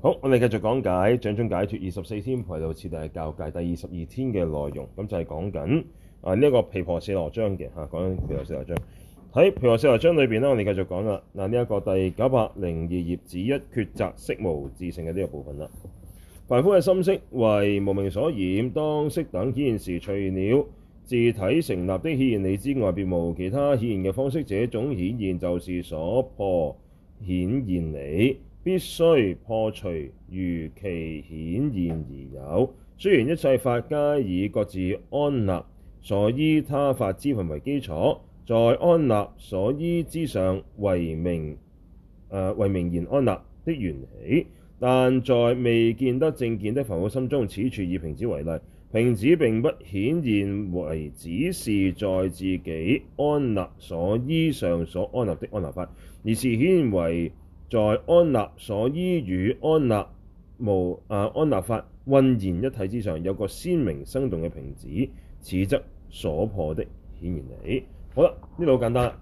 好，我哋繼續講解《掌中解脫》二十四天陪到次第嘅教界第二十二天嘅內容，咁就係講緊啊呢一、這個琵琶羅《皮、啊、婆四羅章》嘅嚇，講緊《皮婆四羅章》喺《皮婆四羅章》裏邊咧，我哋繼續講啦。嗱、啊，呢、這、一個第九百零二頁一，子一抉擇色無自性嘅呢個部分啦。凡夫嘅心識為無明所染，當色等顯現時，除了自體成立的顯現理之外，別無其他顯現嘅方式。這種顯現就是所破顯現理。必須破除，如其顯現而有。雖然一切法皆以各自安立所依他法支分為基礎，在安立所依之上唯名，誒、呃、為名言安立的緣起。但在未見得正見的凡夫心中，此處以瓶子為例，瓶子並不顯現為只是在自己安立所依上所安立的安立法，而是顯現為在安立所依與安立無，啊，安立法渾然一體之上，有個鮮明生動嘅瓶子，此則所破的顯現理。好啦。呢度好簡單啦。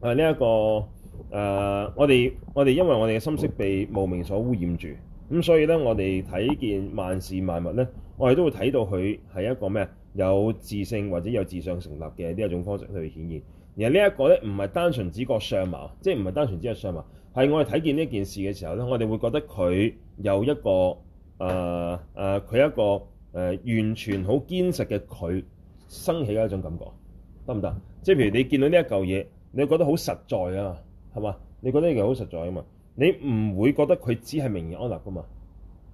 誒，呢一個誒、呃，我哋我哋，因為我哋嘅心識被無明所污染住咁，所以咧我哋睇見萬事萬物咧，我哋都會睇到佢係一個咩有自性或者有自相成立嘅呢一種方式去顯現。而呢一個咧唔係單純指個相貌，即係唔係單純只係相貌。係我哋睇見呢件事嘅時候咧，我哋會覺得佢有一個誒誒，佢、呃呃、一個誒、呃、完全好堅實嘅佢升起嘅一種感覺，得唔得？即係譬如你見到呢一嚿嘢，你會覺得好實在啊嘛，係嘛？你覺得呢嚿好實在啊嘛？你唔會覺得佢只係名言安立噶嘛？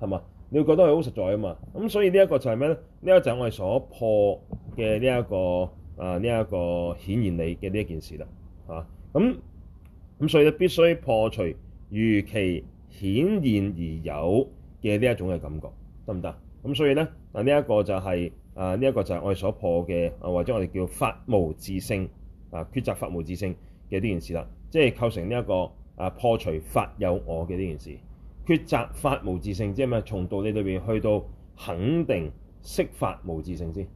係嘛？你會覺得係好實在啊嘛？咁、嗯、所以呢一個就係咩咧？呢、這、一個就係我哋所破嘅呢一個誒呢一個顯現理嘅呢一件事啦，係、啊、咁。咁所以咧，必須破除如其顯現而有嘅呢一種嘅感覺，得唔得？咁所以咧，嗱，呢一個就係啊，呢一個就係我哋所破嘅，或者我哋叫法無自性啊，抉擇法無自性嘅呢件事啦，即係構成呢一個啊破除法有我嘅呢件事，抉擇法無自性，即係咪從道理裏邊去到肯定釋法無自性先，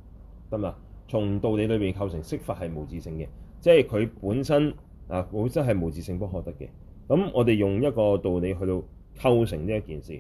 得嘛？從道理裏邊構成釋法係無自性嘅，即係佢本身。啊！本身係無自性不可得嘅。咁我哋用一個道理去到構成呢一件事。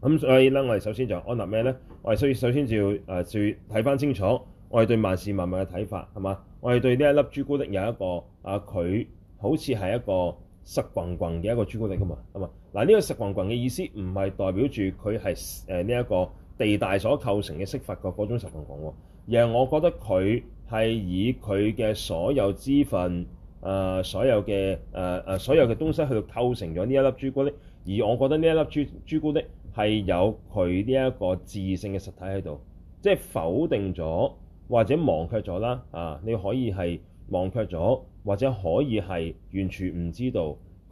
咁所以咧，我哋首先就安立咩咧？我哋需要首先就要誒，注睇翻清楚，我哋對萬事萬物嘅睇法係嘛？我哋對呢一粒朱古力有一個啊，佢好似係一個濕棍棍嘅一個朱古力㗎嘛？係嘛嗱，呢、這個濕棍棍嘅意思唔係代表住佢係誒呢一個地大所構成嘅色法嘅嗰種濕棍棍喎。而係我覺得佢係以佢嘅所有支分。誒、呃、所有嘅誒誒所有嘅東西去到構成咗呢一粒朱古力，而我覺得呢一粒朱朱古力係有佢呢一個自性嘅實體喺度，即係否定咗或者忘卻咗啦。啊，你可以係忘卻咗，或者可以係完全唔知道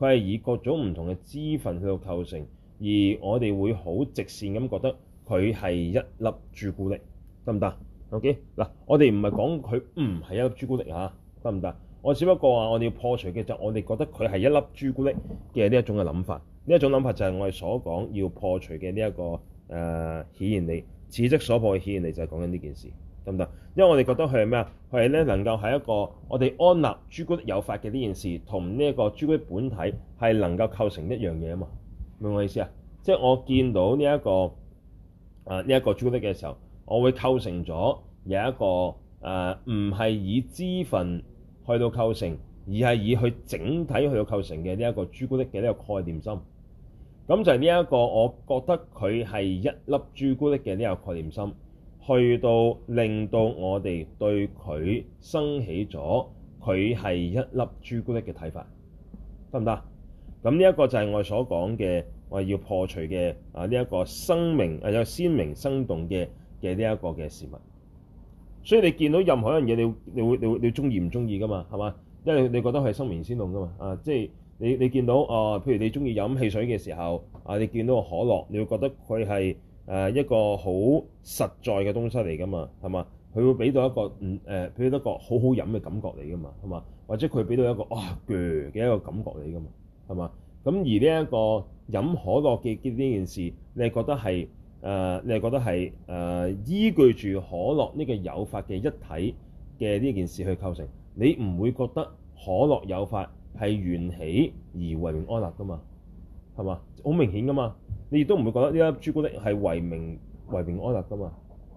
佢係以各種唔同嘅支分去到構成，而我哋會好直線咁覺得佢係一粒朱古力，得唔得？OK 嗱，我哋唔係講佢唔係一粒朱古力嚇，得唔得？我只不過話，我哋要破除嘅就我哋覺得佢係一粒朱古力嘅呢一種嘅諗法，呢一種諗法就係我哋所講要破除嘅呢一個誒、呃、顯現理，此即所破嘅顯現理就係講緊呢件事，得唔得？因為我哋覺得佢係咩啊？佢係咧能夠喺一個我哋安立朱古力有法嘅呢件事，同呢一個朱古力本體係能夠構成一樣嘢啊嘛？明我意思啊？即係我見到呢、這、一個啊呢一個朱古力嘅時候，我會構成咗有一個誒唔係以支分，去到構成，而係以佢整體去到構成嘅呢一個朱古力嘅呢個概念心，咁就係呢一個我覺得佢係一粒朱古力嘅呢個概念心，去到令到我哋對佢生起咗佢係一粒朱古力嘅睇法，得唔得？咁呢一個就係我所講嘅，我要破除嘅啊呢一個鮮明啊有鮮明生動嘅嘅呢一個嘅事物。所以你見到任何一樣嘢，你會你會你會你中意唔中意噶嘛，係嘛？因為你覺得係鮮明生動噶嘛，啊，即係你你見到啊、哦，譬如你中意飲汽水嘅時候，啊，你見到個可樂，你會覺得佢係誒一個好實在嘅東西嚟噶嘛，係嘛？佢會俾到一個唔誒，俾、呃、到一個好好飲嘅感覺嚟噶嘛，係嘛？或者佢俾到一個哇嘅、哦、一個感覺嚟噶嘛，係嘛？咁而呢、這、一個飲可樂嘅呢件事，你係覺得係？誒、呃，你係覺得係誒、呃、依據住可樂呢個有法嘅一體嘅呢件事去構成，你唔會覺得可樂有法係緣起而為名安立噶嘛？係嘛？好明顯噶嘛？你亦都唔會覺得呢粒朱古力係為名為名安立噶嘛？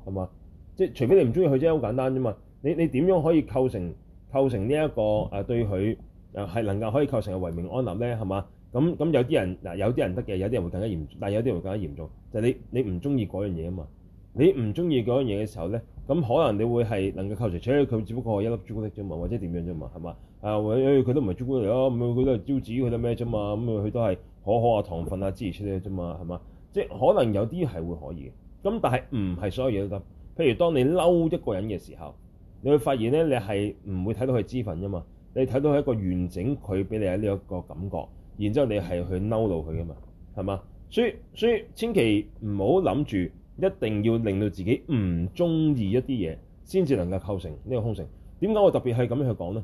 係嘛？即係除非你唔中意佢啫，好簡單啫嘛。你你點樣可以構成構成呢、這、一個誒、啊、對佢誒係能夠可以構成嘅為，為名安立咧？係嘛？咁咁有啲人嗱，有啲人得嘅，有啲人會更加嚴重，但係有啲人會更加嚴重，就係你你唔中意嗰樣嘢啊嘛。你唔中意嗰樣嘢嘅時候咧，咁可能你會係能夠扣除，除非佢只不過係一粒朱古力啫嘛，或者點樣啫嘛，係嘛？啊、哎，佢都唔係朱古力咯，咁佢都係招子，佢得咩啫嘛？咁佢都係可可啊、糖分啊、脂粉出嚟啫嘛，係嘛？即係可能有啲係會可以嘅。咁但係唔係所有嘢都得。譬如當你嬲一個人嘅時候，你會發現咧，你係唔會睇到佢脂粉啫嘛，你睇到係一個完整佢俾你嘅呢一個感覺。然之後你係去嬲怒佢噶嘛，係嘛？所以所以千祈唔好諗住一定要令到自己唔中意一啲嘢先至能夠構成呢個空性。點解我特別係咁樣去講呢？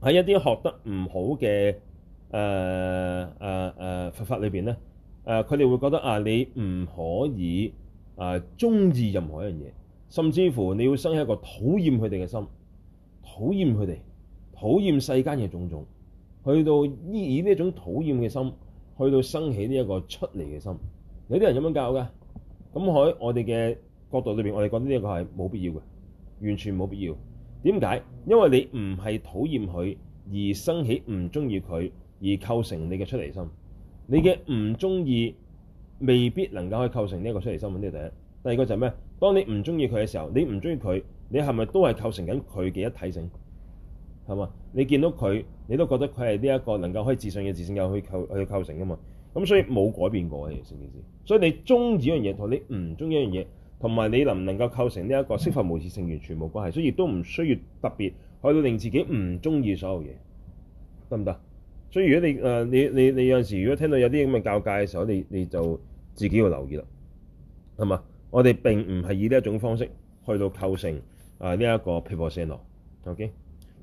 喺一啲學得唔好嘅誒誒誒佛法裏邊呢，誒佢哋會覺得啊，你唔可以啊中意任何一樣嘢，甚至乎你要生一個討厭佢哋嘅心，討厭佢哋，討厭世間嘅種種。去到依以呢一種討厭嘅心，去到生起呢一個出離嘅心。有啲人咁樣教嘅。咁喺我哋嘅角度裏邊，我哋覺得呢一個係冇必要嘅，完全冇必要。點解？因為你唔係討厭佢而生起唔中意佢而構成你嘅出離心，你嘅唔中意未必能夠去構成呢一個出離心。呢個第一，第二個就咩？當你唔中意佢嘅時候，你唔中意佢，你係咪都係構成緊佢嘅一體性？係嘛？你見到佢。你都覺得佢係呢一個能夠可以自信嘅自性，又去構去構成噶嘛？咁所以冇改變過嘅成件事。所以你中意一樣嘢同你唔中意一樣嘢，同埋你能唔能夠構成呢一個色法無自性，完全冇關係。所以亦都唔需要特別去到令自己唔中意所有嘢，得唔得？所以如果你誒你你你有陣時如果聽到有啲咁嘅教戒嘅時候，你你就自己要留意啦，係嘛？我哋並唔係以呢一種方式去到構成啊呢一個 people centre OK，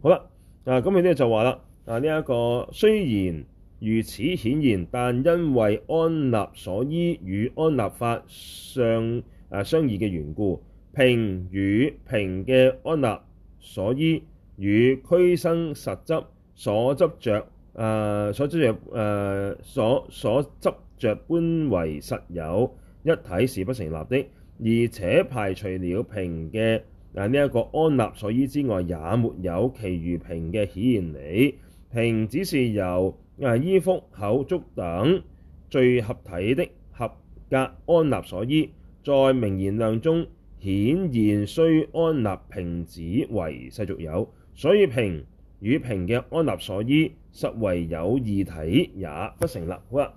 好啦，啊咁你呢就話啦。嗱，呢一、啊這個雖然如此顯現，但因為安立所依與安立法相啊、呃、相異嘅緣故，瓶與瓶嘅安立所依與俱生實執所執着，啊、呃、所執着誒、呃、所所執著般為實有，一體是不成立的。而且排除了瓶嘅啊呢一、這個安立所依之外，也沒有其餘瓶嘅顯現理。瓶只是由啊腹口足等聚集體的合格安立所依，在名言量中顯然須安立瓶子為世俗有，所以瓶與瓶嘅安立所依實為有異體也不成立。好啦，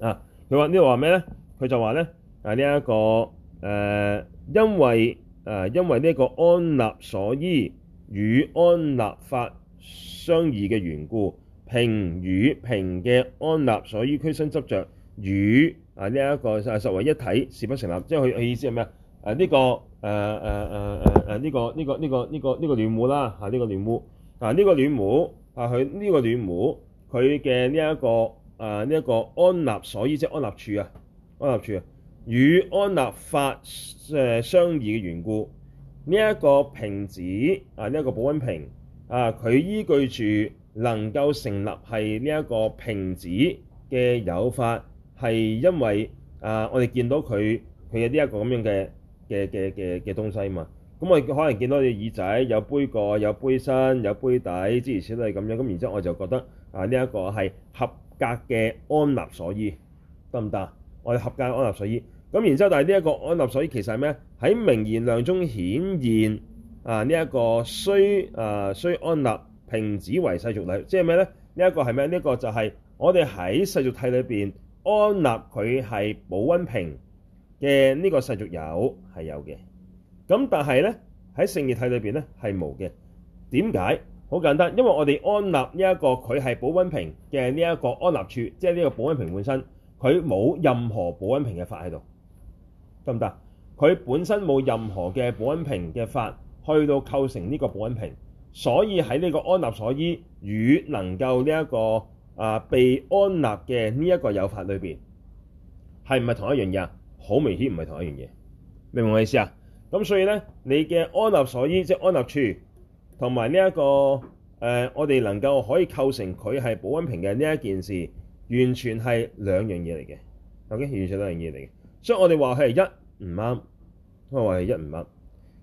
啊，佢話呢個話咩咧？佢就話咧，啊呢一、這個誒、呃，因為啊、呃、因為呢個安立所依與安立法。相異嘅緣故，瓶與瓶嘅安立所依俱生執着，與啊呢一個實為一體，是不成立？即係佢佢意思係咩啊？誒呢個誒誒誒誒誒呢個呢個呢個呢個呢個暖壺啦嚇，呢個暖壺啊，呢個暖壺啊佢呢個暖壺佢嘅呢一個啊呢一個安立所依即係安立處啊，安立處啊與安立法誒相異嘅緣故，呢一個瓶子啊呢一個保溫瓶。啊！佢依據住能夠成立係呢一個瓶子嘅有法，係因為啊，我哋見到佢佢有呢一個咁樣嘅嘅嘅嘅嘅東西嘛。咁我可能見到隻耳仔，有杯蓋，有杯身，有杯底，之如此類都係咁樣。咁然之後我就覺得啊，呢一個係合格嘅安立所依得唔得？我哋合格嘅安立所依。咁然之後，但係呢一個安立所依其實係咩？喺名言量中顯現。啊！呢、這、一個需啊需安立瓶子為世俗諦，即係咩咧？呢一個係咩？呢一個就係我哋喺世俗諦裏邊安立佢係保溫瓶嘅呢個世俗有係有嘅。咁但係咧，喺勝義諦裏邊咧係冇嘅。點解？好簡單，因為我哋安立呢一個佢係保溫瓶嘅呢一個安立處，即係呢個保溫瓶本身佢冇任何保溫瓶嘅法喺度，得唔得？佢本身冇任何嘅保溫瓶嘅法。去到構成呢個保溫瓶，所以喺呢個安立所依與能夠呢、這、一個啊、呃、被安立嘅呢一個有法裏邊，係唔係同一樣嘢啊？好明顯唔係同一樣嘢，明唔明我意思啊？咁所以咧，你嘅安立所依即係安立處同埋呢一個誒、呃，我哋能夠可以構成佢係保溫瓶嘅呢一件事，完全係兩樣嘢嚟嘅，OK，完全兩樣嘢嚟嘅。所以我哋話佢係一唔啱，我話係一唔啱。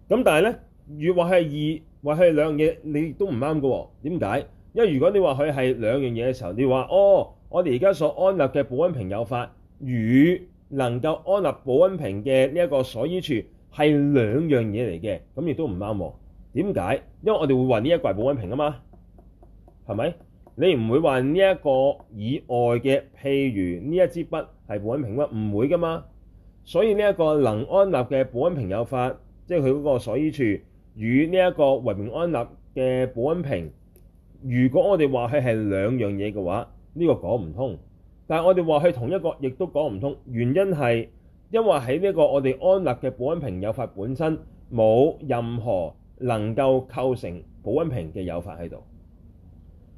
咁但係咧。若話係二或係兩樣嘢，你都唔啱㗎。點解？因為如果你話佢係兩樣嘢嘅時候，你話哦，我哋而家所安立嘅保温瓶有法與能夠安立保温瓶嘅呢一個所依處係兩樣嘢嚟嘅，咁亦都唔啱。點解？因為我哋會話呢一個係保温瓶啊嘛，係咪？你唔會話呢一個以外嘅，譬如呢一支筆係保温瓶乜？唔會噶嘛。所以呢一個能安立嘅保温瓶有法，即係佢嗰個所依處。與呢一個唯名安立嘅保温瓶，如果我哋話佢係兩樣嘢嘅話，呢、這個講唔通。但係我哋話佢同一個，亦都講唔通。原因係因為喺呢一個我哋安立嘅保温瓶有法本身冇任何能夠構成保温瓶嘅有法喺度。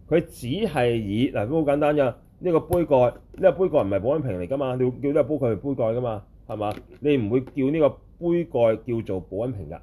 佢只係以嗱，都、啊、好簡單啫。呢、這個杯蓋，呢、這個杯蓋唔係保温瓶嚟㗎嘛。你會叫呢個杯蓋係杯蓋㗎嘛，係嘛？你唔會叫呢個杯蓋叫做保温瓶㗎。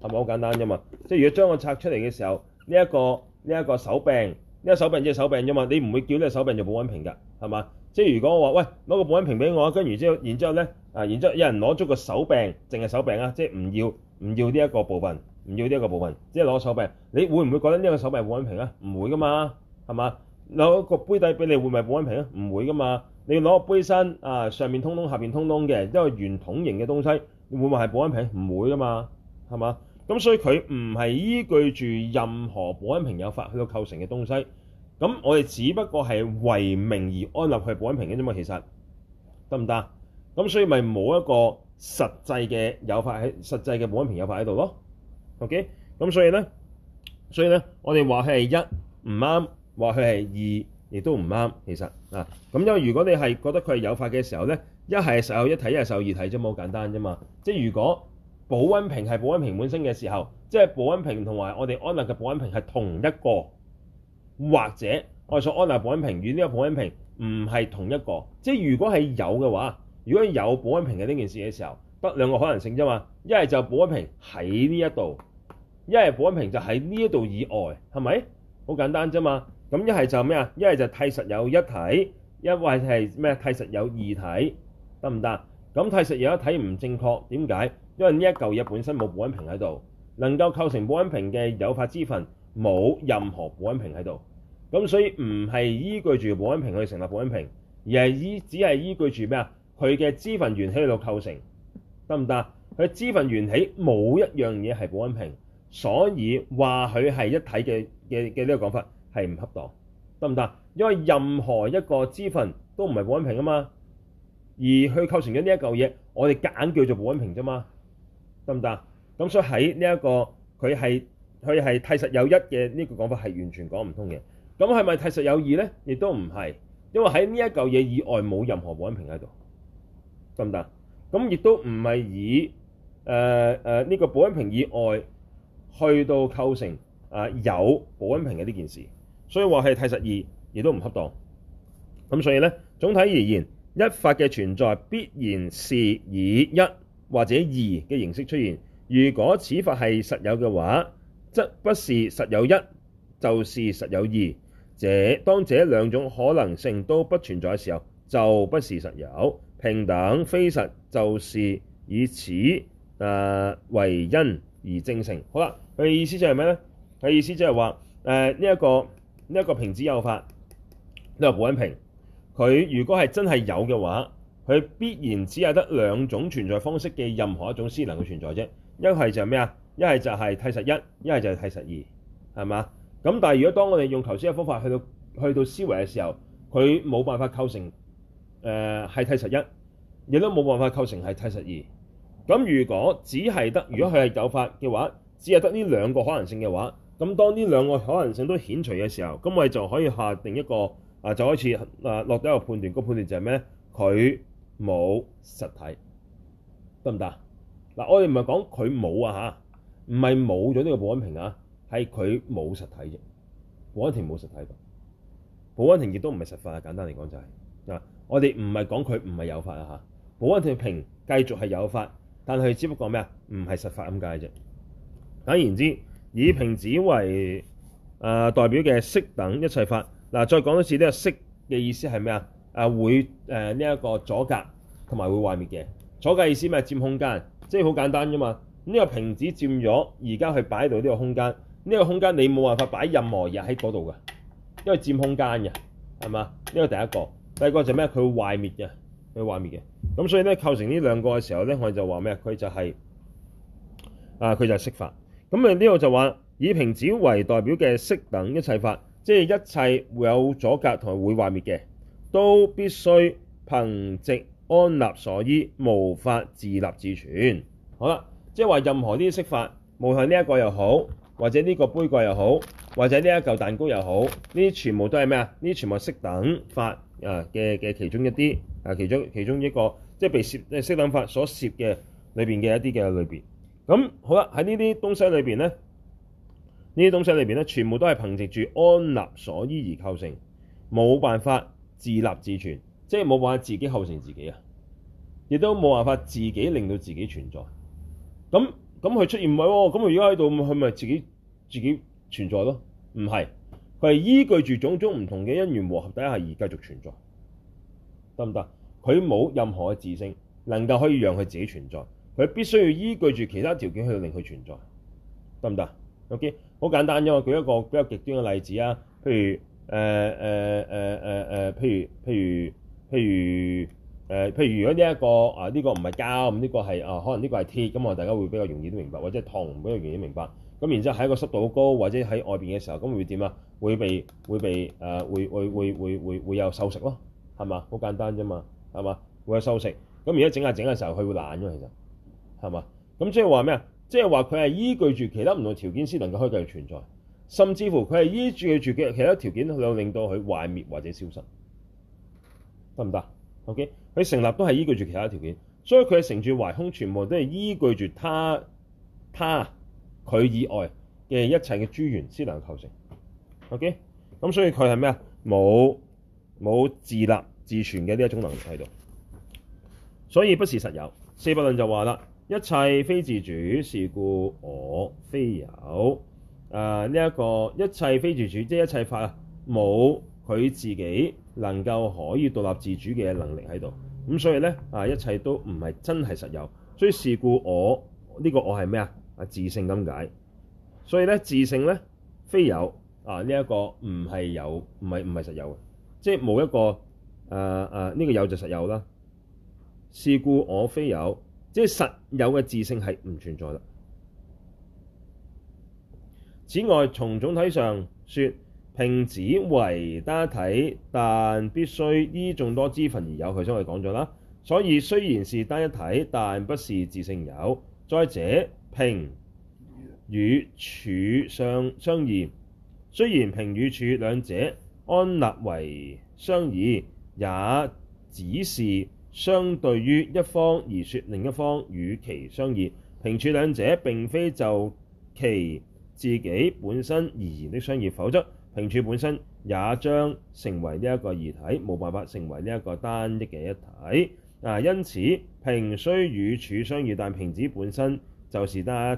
係咪好簡單啫嘛？即係如果將我拆出嚟嘅時候，呢一個呢一個手柄，呢個手柄只係手柄啫嘛。你唔會叫呢個手柄做保温瓶㗎，係嘛？即係如果我話喂，攞個保温瓶俾我，跟住之後，然之後咧啊，然之後有人攞咗個手柄，淨係手柄啊，即係唔要唔要呢一個部分，唔要呢一個部分，即係攞手柄。你會唔會覺得呢個手柄係保温瓶啊？唔會噶嘛，係嘛？攞個杯底俾你會唔係保温瓶啊？唔會噶嘛。你攞個杯身啊，上面通通、下邊通通嘅因為圓筒形嘅東西，會唔會係保温瓶？唔會噶嘛，係嘛？咁所以佢唔係依據住任何保安瓶有法去到構成嘅東西，咁我哋只不過係為名而安立去保安瓶嘅啫嘛，其實得唔得？咁所以咪冇一個實際嘅有法喺實際嘅保安瓶有法喺度咯，OK？咁所以咧，所以咧，我哋話佢係一唔啱，話佢係二亦都唔啱，其實啊，咁因為如果你係覺得佢係有法嘅時候咧，一係受一體，一係受二體啫，好簡單啫嘛，即係如果。保溫瓶係保溫瓶本身嘅時候，即係保溫瓶同埋我哋安立嘅保溫瓶係同一個，或者我哋所安立保溫瓶與呢個保溫瓶唔係同一個。即係如果係有嘅話，如果有保溫瓶嘅呢件事嘅時候，得兩個可能性啫嘛。一係就保溫瓶喺呢一度，一係保溫瓶就喺呢一度以外，係咪？好簡單啫嘛。咁一係就咩啊？一係就諦實有一體，一係就係咩？諦實有二體得唔得？咁諦實有一體唔正確，點解？因為呢一舊嘢本身冇保溫瓶喺度，能夠構成保溫瓶嘅有法支分冇任何保溫瓶喺度，咁所以唔係依據住保溫瓶去成立保溫瓶而，而係依只係依據住咩啊？佢嘅支分緣起喺度構成，得唔得啊？佢支分緣起冇一樣嘢係保溫瓶，所以話佢係一體嘅嘅嘅呢個講法係唔恰當，得唔得？因為任何一個支分都唔係保溫瓶啊嘛，而佢構成咗呢一舊嘢，我哋簡叫做保溫瓶啫嘛。得唔得？咁所以喺呢一個佢係佢係諦實有一嘅呢個講法係完全講唔通嘅。咁係咪諦實有異咧？亦都唔係，因為喺呢一嚿嘢以外冇任何保溫瓶喺度，得唔得？咁亦都唔係以誒誒呢個保溫瓶以外去到構成啊、呃、有保溫瓶嘅呢件事，所以話係諦實異，亦都唔恰當。咁所以咧，總體而言，一法嘅存在，必然是以一。或者二嘅形式出現。如果此法係實有嘅話，則不是實有一，就是實有二。這當這兩種可能性都不存在嘅時候，就不是實有，平等非實，就是以此啊、呃、為因而證成。好啦，佢嘅意思就係咩咧？佢意思即、就、係、是呃這個這個這個、話，誒呢一個呢一個瓶子有法呢個保溫瓶，佢如果係真係有嘅話。佢必然只有得兩種存在方式嘅任何一種思能嘅存在啫，一係就係咩啊？一係就係諦實一，一係就係諦實異，係嘛？咁但係如果當我哋用頭先嘅方法去到去到思維嘅時候，佢冇辦法構成誒係諦實一，亦都冇辦法構成係諦實異。咁如果只係得如果佢係有法嘅話，只係得呢兩個可能性嘅話，咁當呢兩個可能性都遣除嘅時候，咁我哋就可以下定一個啊，就開始啊落咗個判斷，那個判斷就係咩？佢冇實體，得唔得？嗱，我哋唔係講佢冇啊嚇，唔係冇咗呢個保安亭啊，係佢冇實體啫。保安亭冇實體㗎，保安亭亦都唔係實法啊。簡單嚟講就係、是、嗱，我哋唔係講佢唔係有法啊嚇，保安亭瓶繼續係有法，但係只不過咩啊？唔係實法咁解啫。簡言之，以瓶子為誒代表嘅色等一切法。嗱，再講一次呢個色嘅意思係咩啊？誒會誒呢一個阻隔同埋會壞滅嘅阻隔意思咩？佔空間，即係好簡單啫嘛。呢、這個瓶子佔咗而家佢擺喺度呢個空間，呢、這個空間你冇辦法擺任何嘢喺嗰度嘅，因為佔空間嘅係嘛？呢個第一個，第二個就咩？佢會壞滅嘅，佢會壞滅嘅，咁，所以咧，構成呢兩個嘅時候咧，我哋就話咩？佢就係、是、啊，佢就係色法咁誒。呢、嗯、個就話以瓶子為代表嘅色等一切法，即係一切會有阻隔同埋會壞滅嘅。都必須憑藉安立所依，無法自立自存。好啦，即係話任何呢啲色法，無論呢一個又好，或者呢個杯蓋又好，或者呢一嚿蛋糕又好，呢啲全部都係咩啊？呢啲全部係色等法啊嘅嘅其中一啲啊，其中其中一個即係被攝色等法所攝嘅裏邊嘅一啲嘅類別。咁好啦，喺呢啲東西裏邊咧，呢啲東西裏邊咧，全部都係憑藉住安立所依而構成，冇辦法自立自存，即係冇辦法自己後承自己啊！亦都冇辦法自己令到自己存在。咁咁佢出現唔係喎，咁佢而家喺度，佢咪自己自己存在咯？唔係，佢係依據住種種唔同嘅因緣和合底下而繼續存在，得唔得？佢冇任何嘅自性能夠可以讓佢自己存在，佢必須要依據住其他條件去令佢存在，得唔得？OK，好簡單，因為舉一個比較極端嘅例子啊，譬如，誒誒誒誒誒，譬如譬如譬如誒譬如，譬如，呃、譬如，如果呢、這、一個啊呢、這個唔係膠咁，呢、這個係啊可能呢個係鐵咁，我大家會比較容易都明白，或者糖，比較容易明白。咁然之後喺個濕度好高，或者喺外邊嘅時候，咁會點啊？會被會被誒會會會會會會有收食咯，係嘛？好簡單啫嘛，係嘛？會有收食。咁而家整下整下時候，佢會爛咗，其實係嘛？咁即係話咩啊？即係話佢係依據住其他唔同條件先能夠可以繼續存在。甚至乎佢係依住佢住嘅其他條件，佢有令到佢壞滅或者消失，得唔得？OK，佢成立都係依據住其他條件，所以佢係成住壞空，全部都係依據住他、他、佢以外嘅一切嘅諸緣先能夠構成。OK，咁所以佢係咩啊？冇冇自立自存嘅呢一種能力喺度，所以不是實有。四百論就話啦，一切非自主，是故我非有。誒呢一個一切非自主，即係一切法冇佢自己能夠可以獨立自主嘅能力喺度，咁所以咧啊，一切都唔係真係實有，所以事故是故我呢個我係咩啊？啊，自性咁解，所以咧自性咧非有啊，呢一個唔係有，唔係唔係實有嘅，即係冇一個誒誒呢個有就實有啦。是故我非有，即係實有嘅自性係唔存在啦。此外，從總體上說，瓶子為單一體，但必須依眾多支分而有。佢將佢講咗啦，所以雖然是單一體，但不是自性有。再者，瓶與柱相相異，雖然瓶與柱兩者安立為相異，也只是相對於一方而說另一方與其相異。瓶柱兩者並非就其自己本身而言的相異，否則瓶柱本身也將成為呢一個異體，冇辦法成為呢一個單一嘅一體啊。因此，瓶雖與柱相異，但瓶子本身就是單一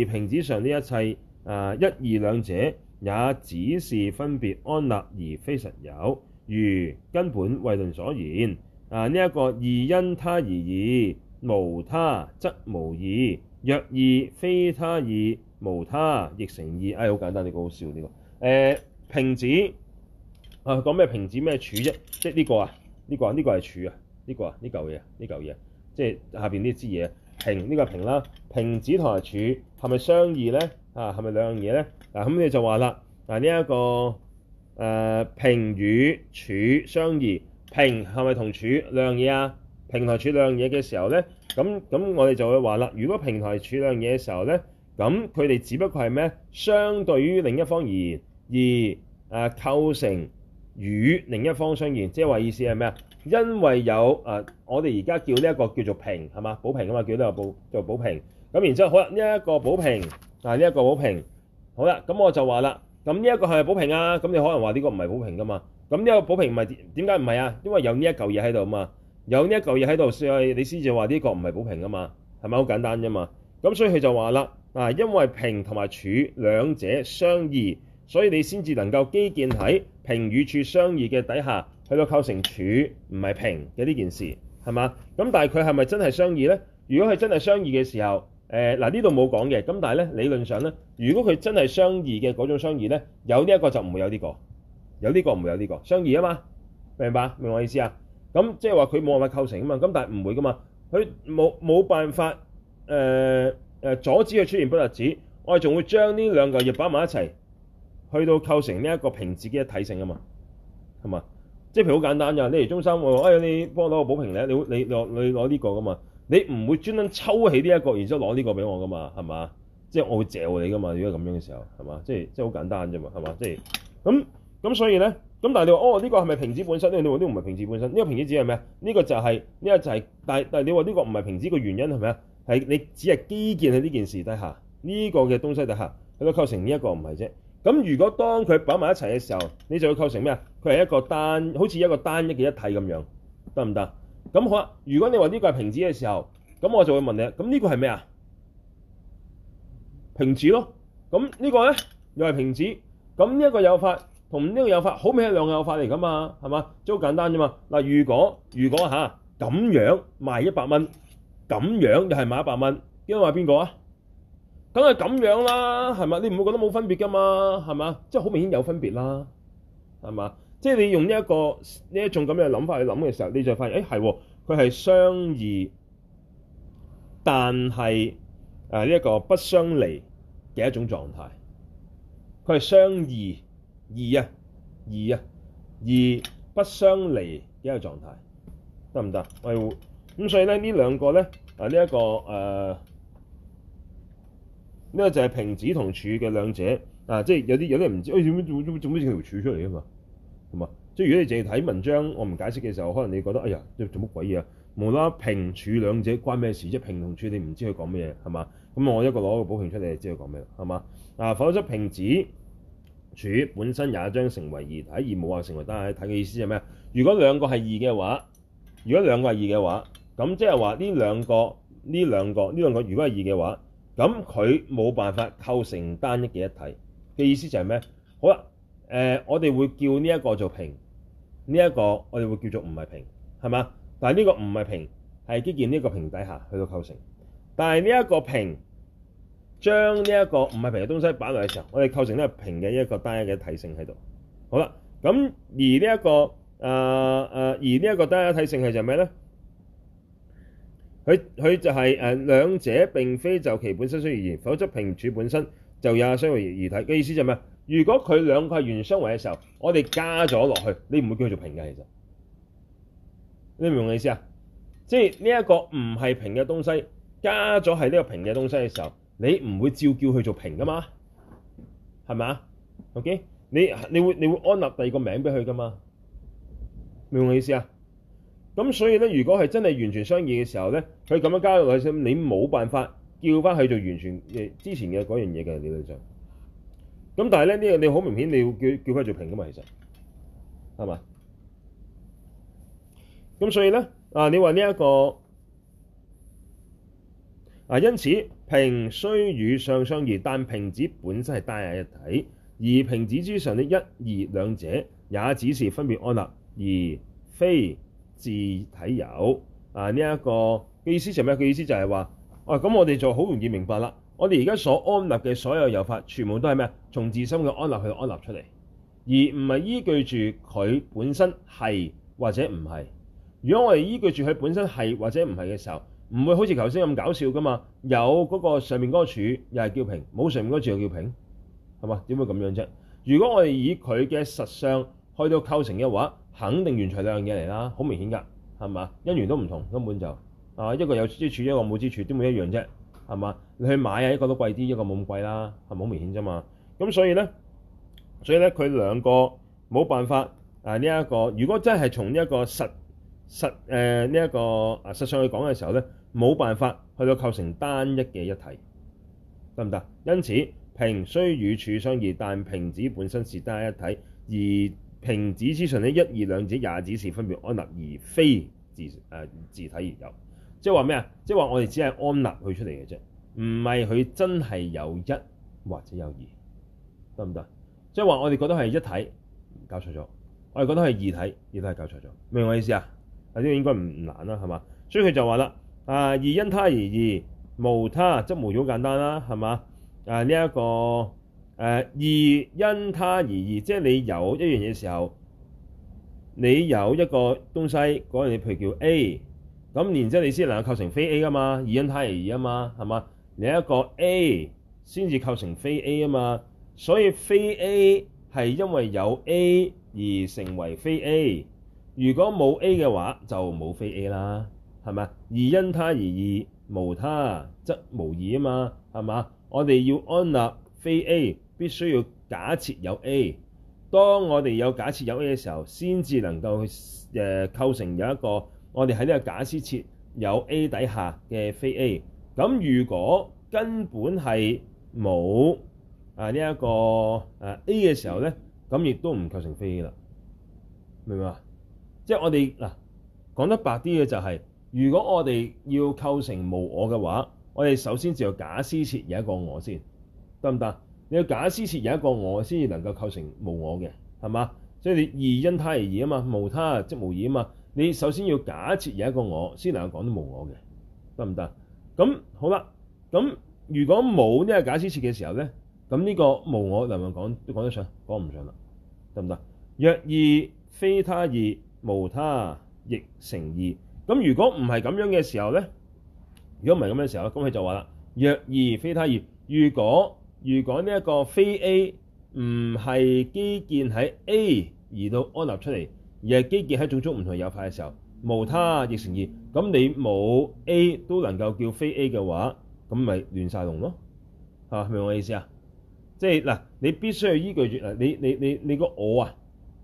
體，而瓶子上呢一切啊一異兩者也只是分別安立，而非實有。如根本慧論所言啊，呢、這、一個異因他而異，無他則無異。若異非他異。無他，亦成異。哎，好簡單呢、這個好笑呢、這個。誒、呃、瓶子啊，講咩瓶子咩柱啫？即係呢個啊，呢、這個啊，呢、這個係柱啊，呢、這個啊，呢嚿嘢，呢嚿嘢，即係下邊呢支嘢瓶，呢、這個係瓶啦。瓶子同埋柱係咪相異咧？啊，係咪兩樣嘢咧？嗱，咁你就話啦，嗱呢一個誒瓶與柱相異，瓶係咪同柱兩樣嘢啊？瓶同柱兩樣嘢嘅時候咧，咁咁我哋就會話啦，如果瓶同柱兩樣嘢嘅時候咧。咁佢哋只不過係咩？相對於另一方而言，而誒、啊、構成與另一方相異，即係話意思係咩啊？因為有誒、啊，我哋而家叫呢一個叫做平係嘛？保平㗎嘛，叫呢個保叫做保平。咁然之後，好啦，呢、這、一個保平，嗱呢一個保平，好啦，咁我就話啦，咁呢一個係咪保平啊？咁你可能話呢個唔係保平㗎嘛？咁呢個保平唔係點解唔係啊？因為有呢一嚿嘢喺度嘛，有呢一嚿嘢喺度，所以你先至話呢個唔係保平㗎嘛，係咪好簡單啫嘛？咁所以佢就話啦。啊，因為瓶同埋柱兩者相異，所以你先至能夠基建喺瓶與柱相異嘅底下，去到構成柱唔係瓶嘅呢件事，係嘛？咁但係佢係咪真係相異呢？如果佢真係相異嘅時候，誒、呃、嗱呢度冇講嘅，咁但係呢理論上呢，如果佢真係相異嘅嗰種相異呢，有呢一個就唔會有呢、呢個，有呢個唔會有呢、呢個相異啊嘛，明白？明白我意思啊？咁即係話佢冇辦法構成啊嘛，咁但係唔會噶嘛，佢冇冇辦法誒？誒阻止佢出現不落子，我哋仲會將呢兩嚿嘢擺埋一齊，去到構成呢一個瓶子嘅一體性啊嘛，係嘛？即係譬如好簡單㗎，你嚟中心我話：哎，你幫我攞個寶瓶咧，你你你你攞呢個㗎嘛？你唔會專登抽起呢一個，然之後攞呢個俾我㗎嘛？係嘛？即係我會借你㗎嘛？如果咁樣嘅時候，係嘛？即係即係好簡單啫嘛，係嘛？即係咁咁，所以咧，咁但係你話：哦，呢個係咪瓶子本身咧？你話呢個唔係瓶子本身？呢個瓶子指係咩啊？呢個就係呢個就係，但係但係你話呢個唔係瓶子嘅原因係咪？」啊？係你只係基建喺呢件事底下呢、呢個嘅東西底下，佢個構成呢、呢、一個唔係啫。咁如果當佢擺埋一齊嘅時候，你就會構成咩啊？佢係一個單，好似一個單一嘅一體咁樣，得唔得？咁好啊！如果你話呢個係瓶子嘅時候，咁我就會問你：咁呢個係咩啊？瓶子咯。咁呢個咧又係瓶子。咁呢一個有法同呢個有法，好明顯係兩個有法嚟噶嘛，係嘛？即好簡單咋嘛？嗱，如果如果吓，咁、啊、樣賣一百蚊。咁樣又係買一百蚊，因為話邊個啊？梗係咁樣啦，係咪？你唔會覺得冇分別噶嘛？係嘛？即係好明顯有分別啦，係嘛？即係你用呢一個呢一種咁嘅諗法去諗嘅時候，你就發現誒係，佢係相異，但係誒呢一個不相離嘅一種狀態。佢係相異，異啊，異啊，異不相離嘅一種狀態，得唔得？維護咁所以咧，呢兩個咧。啊！呢、這、一個誒，呢、呃這個就係瓶子同柱嘅兩者啊！即係有啲有啲唔知，誒點樣做做做乜似條柱出嚟啊嘛？同埋，即係如果你淨係睇文章，我唔解釋嘅時候，可能你覺得哎呀，做乜鬼嘢？無啦，瓶柱兩者關咩事？即係瓶同柱，你唔知佢講咩嘢係嘛？咁我一個攞個寶瓶出嚟，你知佢講咩啦？係嘛？啊！否則瓶子柱本身也將成為異體，而冇話成為單喺睇嘅意思係咩啊？如果兩個係異嘅話，如果兩個係異嘅話。咁即係話呢兩個呢兩個呢兩個如果係二嘅話，咁佢冇辦法構成單一嘅一體嘅意思就係咩？好啦，誒、呃、我哋會叫呢一個做平，呢、這、一個我哋會叫做唔係平，係嘛？但係呢個唔係平，係基建呢個平底下去到構成。但係呢一個平將呢一個唔係平嘅東西擺落去嘅時候，我哋構成呢個平嘅一個單一嘅一體性喺度。好啦，咁而呢一個誒誒而呢一個單一體,體性係、這個呃呃、就係咩咧？佢佢就係、是、誒、嗯、兩者並非就其本身相而言，否則平處本身就也相為異體嘅意思就係咩？如果佢兩個係原相為嘅時候，我哋加咗落去，你唔會叫佢做平嘅。其實你明唔明我意思啊？即係呢一個唔係平嘅東西加咗喺呢個平嘅東西嘅時候，你唔會照叫佢做平㗎嘛？係咪啊？OK，你你會你會安立第二個名俾佢㗎嘛？明唔明我意思啊？咁所以咧，如果係真係完全相異嘅時候咧，佢咁樣交易落去，你冇辦法叫翻佢做完全嘅之前嘅嗰樣嘢嘅理論上。咁但係咧，呢樣你好明顯你會，你要叫叫翻做瓶㗎嘛？其實係咪？咁所以咧，啊，你話呢一個啊，因此瓶雖與柱相異，但瓶子本身係單一嘅體，而瓶子之上嘅一、異兩者也只是分別安立，而非自體有啊！呢一個嘅意思係咩？嘅意思就係話：，哇！咁我哋就好容易明白啦。我哋而家所安立嘅所有有法，全部都係咩啊？從自身嘅安立去安立出嚟，而唔係依據住佢本身係或者唔係。如果我哋依據住佢本身係或者唔係嘅時候，唔會好似頭先咁搞笑噶嘛？有嗰個上面嗰個柱又係叫平，冇上面嗰個柱又叫平，係嘛？點會咁樣啫？如果我哋以佢嘅實相去到構成嘅話，肯定原材料嘅嘢嚟啦，好明顯噶，係嘛？因緣都唔同，根本就啊一個有支柱，一個冇支柱，都冇一樣啫，係嘛？你去買啊，一個都貴啲，一個冇咁貴啦，係好明顯啫嘛。咁所以咧，所以咧，佢兩個冇辦法啊呢一、這個，如果真係從呢一個實實誒呢一個啊實上去講嘅時候咧，冇辦法去到構成單一嘅一體，得唔得？因此，瓶雖與柱相宜，但瓶子本身是單一體，而瓶子之上咧，一異兩者也只是分別安立，而非自誒、呃、自體而有。即係話咩啊？即係話我哋只係安立佢出嚟嘅啫，唔係佢真係有一或者有二，得唔得？即係話我哋覺得係一體，搞錯咗；我哋覺得係二體，亦都係搞錯咗。明唔明我意思啊？呢個應該唔難啦，係嘛？所以佢就話啦：啊、呃，異因他而異，無他，則無異。咁簡單啦，係嘛？誒呢一個。誒，uh, 異因他而異，即係你有一樣嘢嘅時候，你有一個東西嗰樣嘢，譬如叫 A，咁然之後你先能夠構成非 A 噶嘛？異因他而異啊嘛，係嘛？你一個 A 先至構成非 A 啊嘛，所以非 A 係因為有 A 而成為非 A。如果冇 A 嘅話，就冇非 A 啦，係咪啊？異因他而異，無他則無異啊嘛，係嘛？我哋要安立。非 A 必須要假設有 A。當我哋有假設有 A 嘅時候，先至能夠誒、呃、構成有一個我哋喺呢個假設設有 A 底下嘅非 A。咁如果根本係冇啊呢一、這個誒、啊、A 嘅時候咧，咁亦都唔構成非 A 啦。明唔明啊？即係我哋嗱講得白啲嘅就係、是，如果我哋要構成無我嘅話，我哋首先要有假設設有一個我先。得唔得？你要假設設有一個我，先至能夠構成無我嘅，係嘛？所以你異因他而異啊嘛，無他即無異啊嘛。你首先要假設有一個我，先能夠講到無我嘅，得唔得？咁好啦，咁如果冇呢個假設設嘅時候咧，咁呢個無我能唔能夠講，都講得上，講唔上啦，得唔得？若異非他異，無他亦成異。咁如果唔係咁樣嘅時候咧，如果唔係咁樣嘅時候咧，咁佢就話啦：若異非他異，如果如果呢一個非 A 唔係基建喺 A 而到安立出嚟，而係基建喺種種唔同有派嘅時候，無他亦成異。咁你冇 A 都能夠叫非 A 嘅話，咁咪亂晒龍咯？嚇，明我意思啊？即係嗱，你必須要依據住嗱，你你你你個我啊，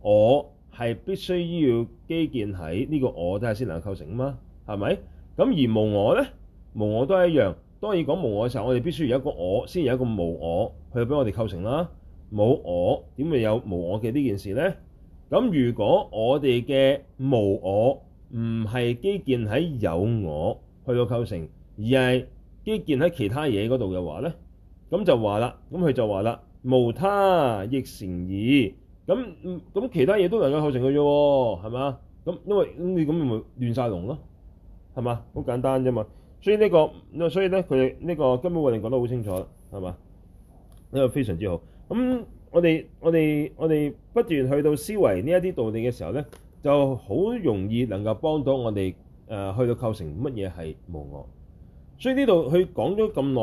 我係必須要基建喺呢個我底下先能夠構成啊嘛，係咪？咁而無我咧，無我都係一樣。當然講無我嘅時候，我哋必須有一個我，先有一個無我去俾我哋構成啦。冇我點會有無我嘅呢件事咧？咁如果我哋嘅無我唔係基建喺有我去到構成，而係基建喺其他嘢嗰度嘅話咧，咁就話啦，咁佢就話啦，無他亦成異。咁咁其他嘢都能夠構成嘅啫喎，係嘛？咁因為你咁咪亂晒龍咯，係嘛？好簡單啫嘛。所以呢個，所以咧，佢呢個根本我哋講得好清楚，係嘛？呢個非常之好。咁我哋我哋我哋不斷去到思維呢一啲道理嘅時候咧，就好容易能夠幫到我哋誒、呃、去到構成乜嘢係無我。所以呢度佢講咗咁耐，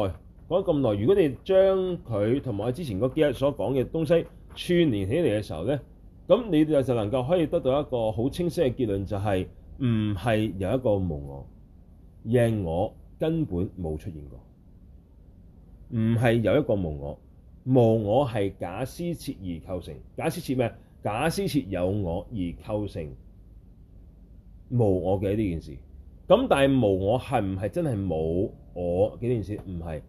講咗咁耐，如果你將佢同埋我之前個幾日所講嘅東西串連起嚟嘅時候咧，咁你就就能夠可以得到一個好清晰嘅結論，就係唔係有一個無我。認我根本冇出現過，唔係有一個無我，無我係假施設而構成。假施設咩？假施設有我而構成無我嘅呢件事。咁但係無我係唔係真係冇我嘅呢件事？唔係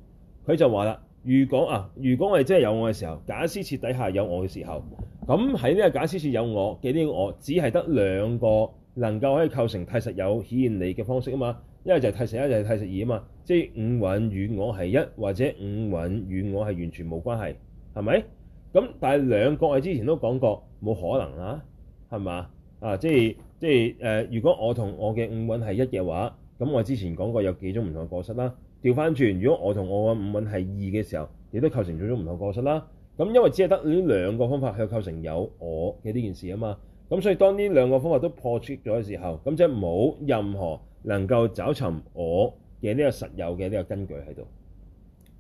佢就話啦。如果啊，如果我係真係有我嘅時候，假施設底下有我嘅時候，咁喺呢個假施設有我嘅呢個我，只係得兩個能夠可以構成諦實有顯現理嘅方式啊嘛。因為就係諦實一，就係諦實二啊嘛，即係五蘊與我係一，或者五蘊與我係完全冇關係，係咪？咁但係兩個我之前都講過冇可能啦，係嘛？啊，即係即係誒、呃，如果我同我嘅五蘊係一嘅話，咁我之前講過有幾種唔同嘅過失啦。調返轉，如果我同我嘅五蘊係二嘅時候，亦都構成咗種唔同嘅過失啦。咁因為只係得呢兩個方法去構成有我嘅呢件事啊嘛。咁所以當呢兩個方法都破除咗嘅時候，咁即係冇任何。能夠找尋我嘅呢個實有嘅呢個根據喺度，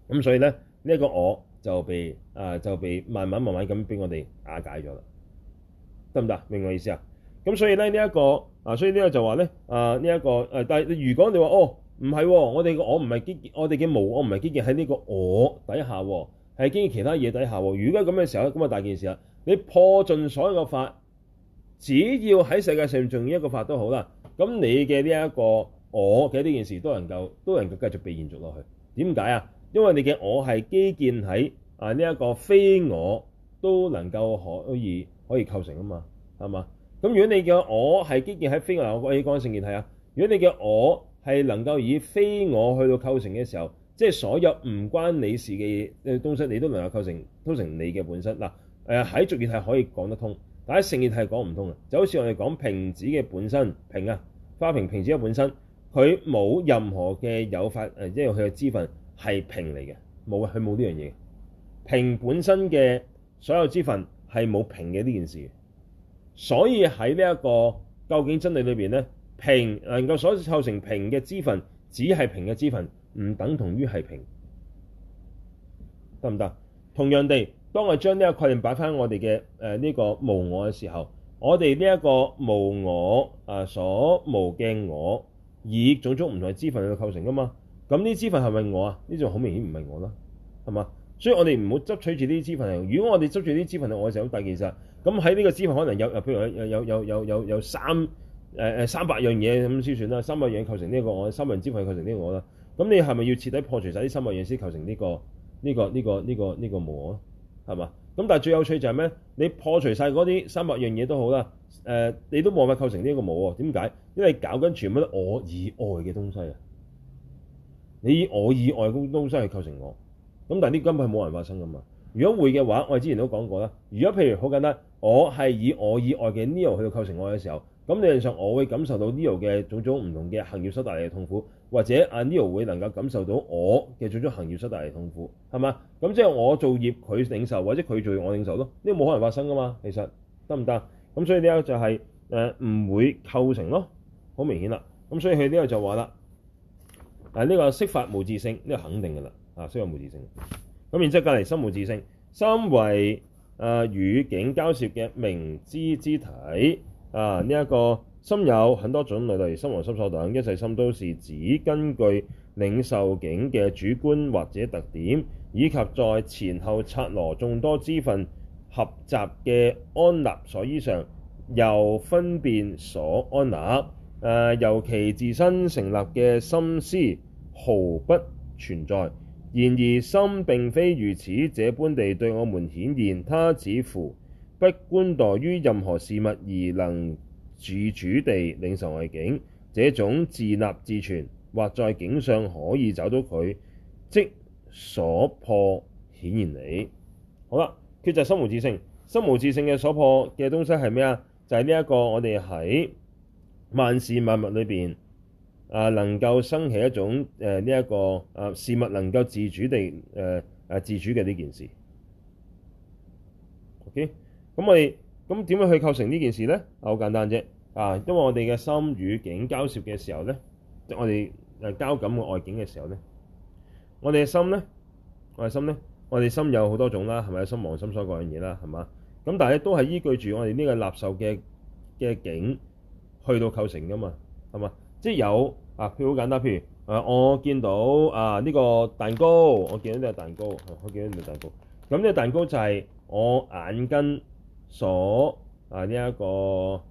咁所以咧呢一、這個我就被啊、呃、就被慢慢慢慢咁俾我哋瓦解咗啦，得唔得？明我意思啊？咁所以咧呢一、這個啊，所以呢個就話咧啊呢一、呃這個誒，但係如果你話哦唔係、哦，我哋嘅我唔係基，我哋嘅無我唔係基建喺呢個我底下、哦，係基建其他嘢底下、哦。如果咁嘅時候咁啊大件事啦，你破盡所有個法，只要喺世界上仲要一個法都好啦。咁你嘅呢一個我嘅呢件事都能夠都能夠繼續被延續落去，點解啊？因為你嘅我係基建喺啊呢一個非我都能夠可以可以構成啊嘛，係嘛？咁如果你嘅我係基建喺非我嘅光性結體啊，如果你嘅我係能夠以非我去到構成嘅時候，即係所有唔關你事嘅嘢嘅東西，你都能夠構成都成你嘅本身嗱，誒喺俗結體可以講得通。但成件事係講唔通啊，就好似我哋講瓶子嘅本身瓶啊、花瓶、瓶子嘅本身，佢冇任何嘅有法誒，即係佢嘅支分係瓶嚟嘅，冇佢冇呢樣嘢。瓶本身嘅所有支分係冇瓶嘅呢件事，所以喺呢一個究竟真理裏邊咧，瓶能夠所構成瓶嘅支分，只係瓶嘅支分，唔等同於係瓶，得唔得？同樣地。當我將呢一個概念擺翻我哋嘅誒呢個無我嘅時候，我哋呢一個無我啊，所無嘅我以種種唔同嘅資份去構成噶嘛。咁呢啲資份係咪我啊？呢種好明顯唔係我啦，係嘛？所以我哋唔好執取住呢啲資份。如果我哋執住啲資份我嘅時候，但其實咁喺呢個資份可能有件件、so，譬如有有有有有有三誒誒三百樣嘢咁先算啦。三百樣構成呢個我，三百樣資份構成呢個我啦。咁你係咪要徹底破除晒啲三百樣先構成呢個呢個呢個呢個呢個無我？係嘛？咁但係最有趣就係咩？你破除晒嗰啲三百樣嘢都好啦，誒、呃，你都冇法構成呢一個我喎。點解？因為搞緊全部都我以外嘅東西啊！你以我以外嗰種東西去構成我，咁但係呢根本係冇人發生噶嘛。如果會嘅話，我哋之前都講過啦。如果譬如好簡單，我係以我以外嘅 Neo 去到構成我嘅時候，咁理論上我會感受到 Neo 嘅種種唔同嘅行業所帶嚟嘅痛苦。或者阿、啊、Neo 會能夠感受到我嘅做咗行業失大嘅痛苦，係嘛？咁即係我做業佢領受，或者佢做業我領受咯，呢、這個冇可能發生噶嘛？其實得唔得？咁所以呢一個就係誒唔會構成咯，好明顯啦。咁所以佢呢個就話啦，誒、啊、呢、這個色法無自性，呢、這個肯定噶啦，啊色法無自性。咁、啊、然之後隔籬心無自性，心為誒與境交涉嘅明知之體啊呢一、這個。心有很多種類，類，例如心和心所等，一切心都是指根據領受境嘅主觀或者特點，以及在前後剎那眾多支分合集嘅安立所依，所以上由分別所安立。誒、呃，尤其自身成立嘅心絲毫不存在。然而心並非如此這般地對我們顯現，它似乎不觀待於任何事物而能自主地領受外境，這種自立自存，或在境上可以找到佢，即所破顯現理。你好啦。佢就心無自性，心無自性嘅所破嘅東西係咩啊？就係呢一個我哋喺萬事萬物裏邊啊，能夠生起一種誒呢、呃、一個啊事物能夠自主地誒誒、呃、自主嘅呢件事。OK，咁我哋。咁點樣去構成呢件事咧？好簡單啫，啊，因為我哋嘅心與境交涉嘅時候咧，即、就是、我哋誒交感嘅外境嘅時候咧，我哋嘅心咧，我嘅心咧，我哋心有好多種啦，係咪心王、心、心所嗰樣嘢啦，係嘛？咁但係都係依據住我哋呢個納受嘅嘅境去到構成噶嘛，係嘛？即係有啊，譬如好簡單，譬如誒、啊，我見到啊呢、這個蛋糕，我見到呢個蛋糕，我見到呢個蛋糕。咁、啊、呢個、個蛋糕就係我眼根。所啊呢一、這個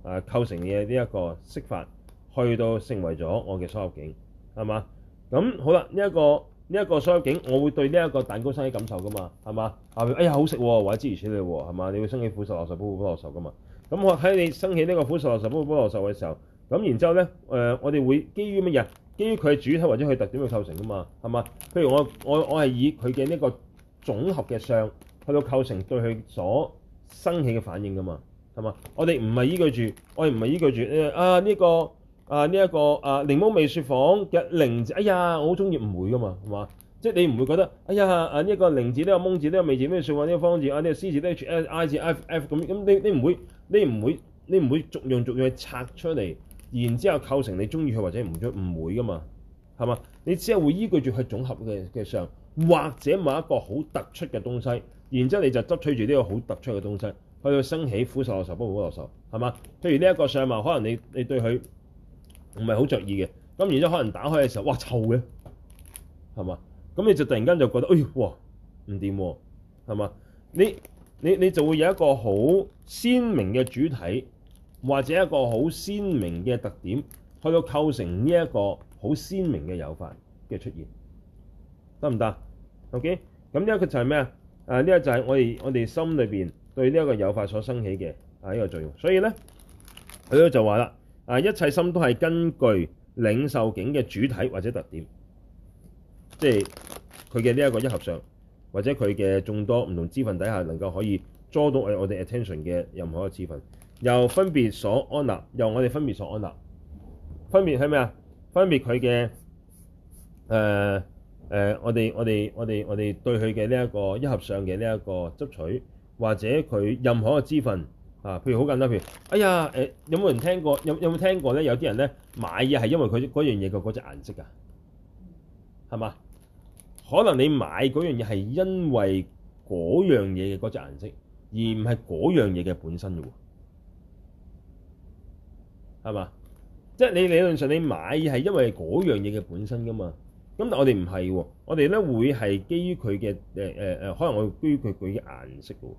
啊構成嘅呢一個識法，去到成為咗我嘅所有境，係嘛？咁好啦，呢、這、一個呢一、這個所有境，我會對呢一個蛋糕生起感受噶嘛，係嘛？下哎呀好食喎、啊，或者諸如此類喎、啊，係嘛？你會生起苦受、樂受、不苦不樂受噶嘛？咁我喺你生起呢個苦受、樂受、不苦不樂受嘅時候，咁然之後咧，誒、呃、我哋會基於乜嘢？基於佢嘅主體或者佢特點去構成噶嘛，係嘛？譬如我我我係以佢嘅呢個總合嘅相，去到構成對佢所生起嘅反應噶嘛，係嘛？我哋唔係依據住，我哋唔係依據住誒啊呢個啊呢一個啊檸檬味雪紡嘅零字，哎呀，我好中意唔會噶嘛，係嘛？即係你唔會覺得，哎呀啊呢個零字，呢個檬字，呢個味字，咩雪紡呢個方字、這個字，這個字，這個、字，啊呢個 C 字，H S I 字，F F 咁咁，你你唔會，你唔會，你唔會，會，會逐樣逐樣拆出嚟，然後之後構成你中意佢或者唔中唔會噶嘛，係嘛？你只係會依據住佢總合嘅嘅上，或者某一個好突出嘅東西。然之後你就執取住呢個好突出嘅東西，去到升起、苦受、樂受、不苦不樂受，係嘛？譬如呢一個上貌，可能你你對佢唔係好着意嘅，咁然之後可能打開嘅時候，哇臭嘅係嘛？咁你就突然間就覺得，哎呀，哇唔掂係嘛？你你你就會有一個好鮮明嘅主體，或者一個好鮮明嘅特點，去到構成呢一個好鮮明嘅有法嘅出現，得唔得？OK，咁呢一個就係咩啊？啊！呢個就係我哋我哋心裏邊對呢一個有法所生起嘅啊呢個作用。所以咧，佢咧就話啦：啊，一切心都係根據領受境嘅主體或者特點，即係佢嘅呢一個一合相，或者佢嘅眾多唔同支分底下能夠可以捉到我哋 attention 嘅任何一個支分，由分別所安立，由我哋分別所安立，分別係咩啊？分別佢嘅誒。呃誒、呃，我哋我哋我哋我哋對佢嘅呢一個一合上嘅呢一個執取，或者佢任何嘅支分啊，譬如好簡單，譬如，哎呀，誒、呃，有冇人聽過？有有冇聽過咧？有啲人咧買嘢係因為佢嗰樣嘢嘅嗰隻顏色啊，係嘛？可能你買嗰樣嘢係因為嗰樣嘢嘅嗰隻顏色，而唔係嗰樣嘢嘅本身嘅、啊、喎，係嘛？即、就、係、是、你理論上你買嘢係因為嗰樣嘢嘅本身㗎、啊、嘛？咁但我哋唔係喎，我哋咧會係基於佢嘅誒誒誒，可能我基於佢佢啲顏色嘅喎。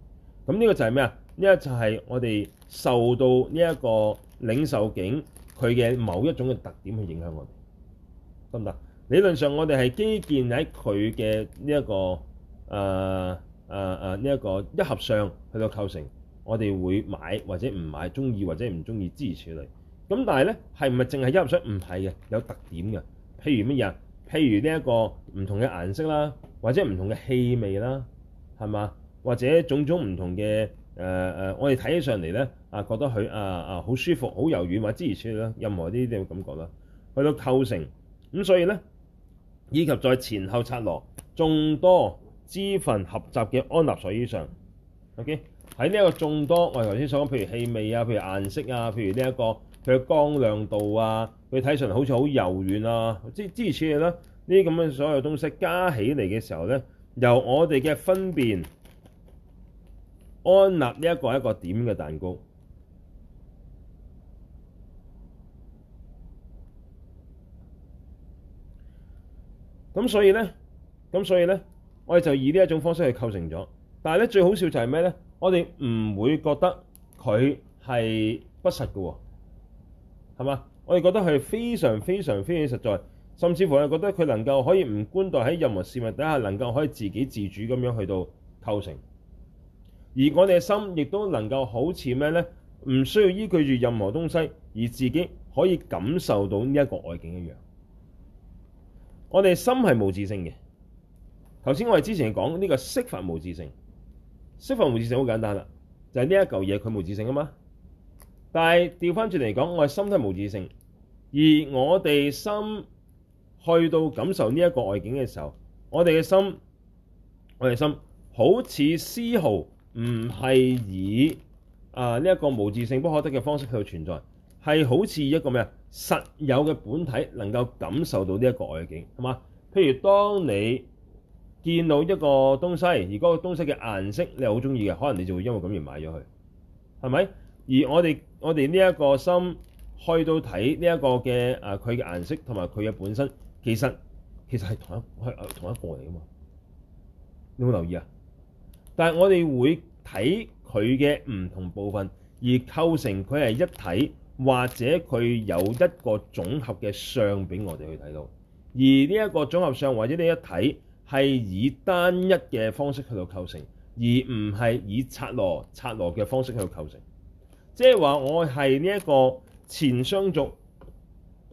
咁呢個就係咩啊？呢個就係我哋受到呢一個領受境佢嘅某一種嘅特點去影響我哋得唔得？理論上我哋係基建喺佢嘅呢一個誒誒誒呢一個一合相去到構成，我哋會買或者唔買，中意或者唔中意諸如此類。咁但係咧係唔係淨係一合相？唔係嘅，有特點嘅，譬如乜嘢啊？譬如呢一個唔同嘅顏色啦，或者唔同嘅氣味啦，係嘛？或者種種唔同嘅誒誒，我哋睇起上嚟咧，啊覺得佢啊啊好舒服、好柔軟或者之類嘅任何呢啲咁嘅感覺啦。去到構成咁，所以咧，以及在前後剎那眾多支分合集嘅安立所依之上，OK 喺呢一個眾多我哋頭先所講，譬如氣味啊，譬如顏色啊，譬如呢、這、一個佢嘅光亮度啊。佢睇上嚟好似好柔軟啊！即係諸如此類啦。呢啲咁嘅所有東西加起嚟嘅時候咧，由我哋嘅分辨安立呢一個一個點嘅蛋糕。咁所以咧，咁所以咧，我哋就以呢一種方式去構成咗。但係咧，最好笑就係咩咧？我哋唔會覺得佢係不實嘅喎，係嘛？我哋覺得係非常非常非常實在，甚至乎係覺得佢能夠可以唔觀待喺任何事物底下，能夠可以自己自主咁樣去到構成。而我哋嘅心亦都能夠好似咩呢？唔需要依據住任何東西，而自己可以感受到呢一個外境一樣。我哋心係無自性嘅。頭先我哋之前講呢個色法無自性，色法無自性好簡單啦，就係、是、呢一嚿嘢佢無自性啊嘛。但係調翻轉嚟講，我哋心都係無自性。而我哋心去到感受呢一個外境嘅時候，我哋嘅心，我哋心好似絲毫唔係以啊呢一個無自性不可得嘅方式去存在，係好似一個咩啊實有嘅本體能夠感受到呢一個外境，係嘛？譬如當你見到一個東西，而嗰個東西嘅顏色你係好中意嘅，可能你就會因為咁而買咗佢，係咪？而我哋我哋呢一個心。去到睇呢一個嘅啊，佢嘅顏色同埋佢嘅本身，其實其實係同一係同一個嚟噶嘛？有冇留意啊？但係我哋會睇佢嘅唔同部分，而構成佢係一體，或者佢有一個總合嘅相俾我哋去睇到。而呢一個總合相或者呢一體係以單一嘅方式去到構成，而唔係以拆羅拆羅嘅方式去到構成。即係話我係呢一個。前相續，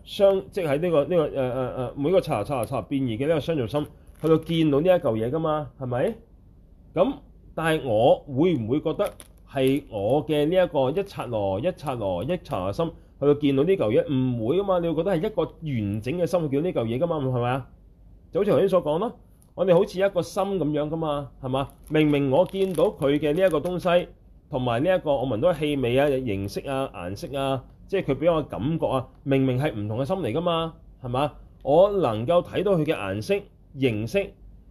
相，即係呢、呢個呢、呢個誒誒誒每個擦下擦下擦變異嘅呢個相續心，去到見到呢一嚿嘢噶嘛，係咪？咁但係我會唔會覺得係我嘅呢一個一擦羅一擦羅一擦下心去到見到呢嚿嘢？唔會啊嘛，你會覺得係一個完整嘅心叫呢嚿嘢噶嘛，係咪啊？就好似頭先所講啦，我哋好似一個心咁樣噶嘛，係嘛？明明我見到佢嘅呢一個東西，同埋呢一個我聞到氣味啊、形式啊、顏色啊，即係佢俾我感覺啊，明明係唔同嘅心嚟噶嘛，係咪？我能夠睇到佢嘅顏色、形色，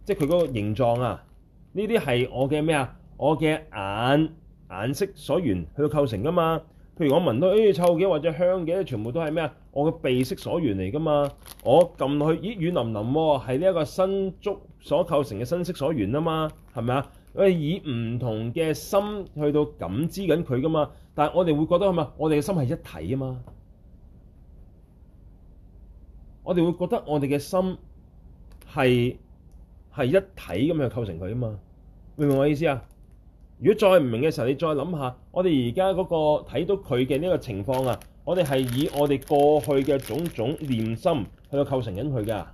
即係佢嗰個形狀啊，呢啲係我嘅咩啊？我嘅眼眼色所緣去到構成噶嘛？譬如我聞到，誒、哎、臭嘅或者香嘅，全部都係咩啊？我嘅鼻色所緣嚟噶嘛？我撳落去，咦軟腍腍喎，係呢一個身觸所構成嘅身色所緣啊嘛，係咪啊？我係以唔同嘅心去到感知緊佢噶嘛？但係我哋會覺得係咪？我哋嘅心係一體啊嘛！我哋會覺得我哋嘅心係係一體咁樣構成佢啊嘛！明唔明我意思啊？如果再唔明嘅時候，你再諗下，我哋而家嗰個睇到佢嘅呢個情況啊，我哋係以我哋過去嘅種種念心去到構成緊佢㗎。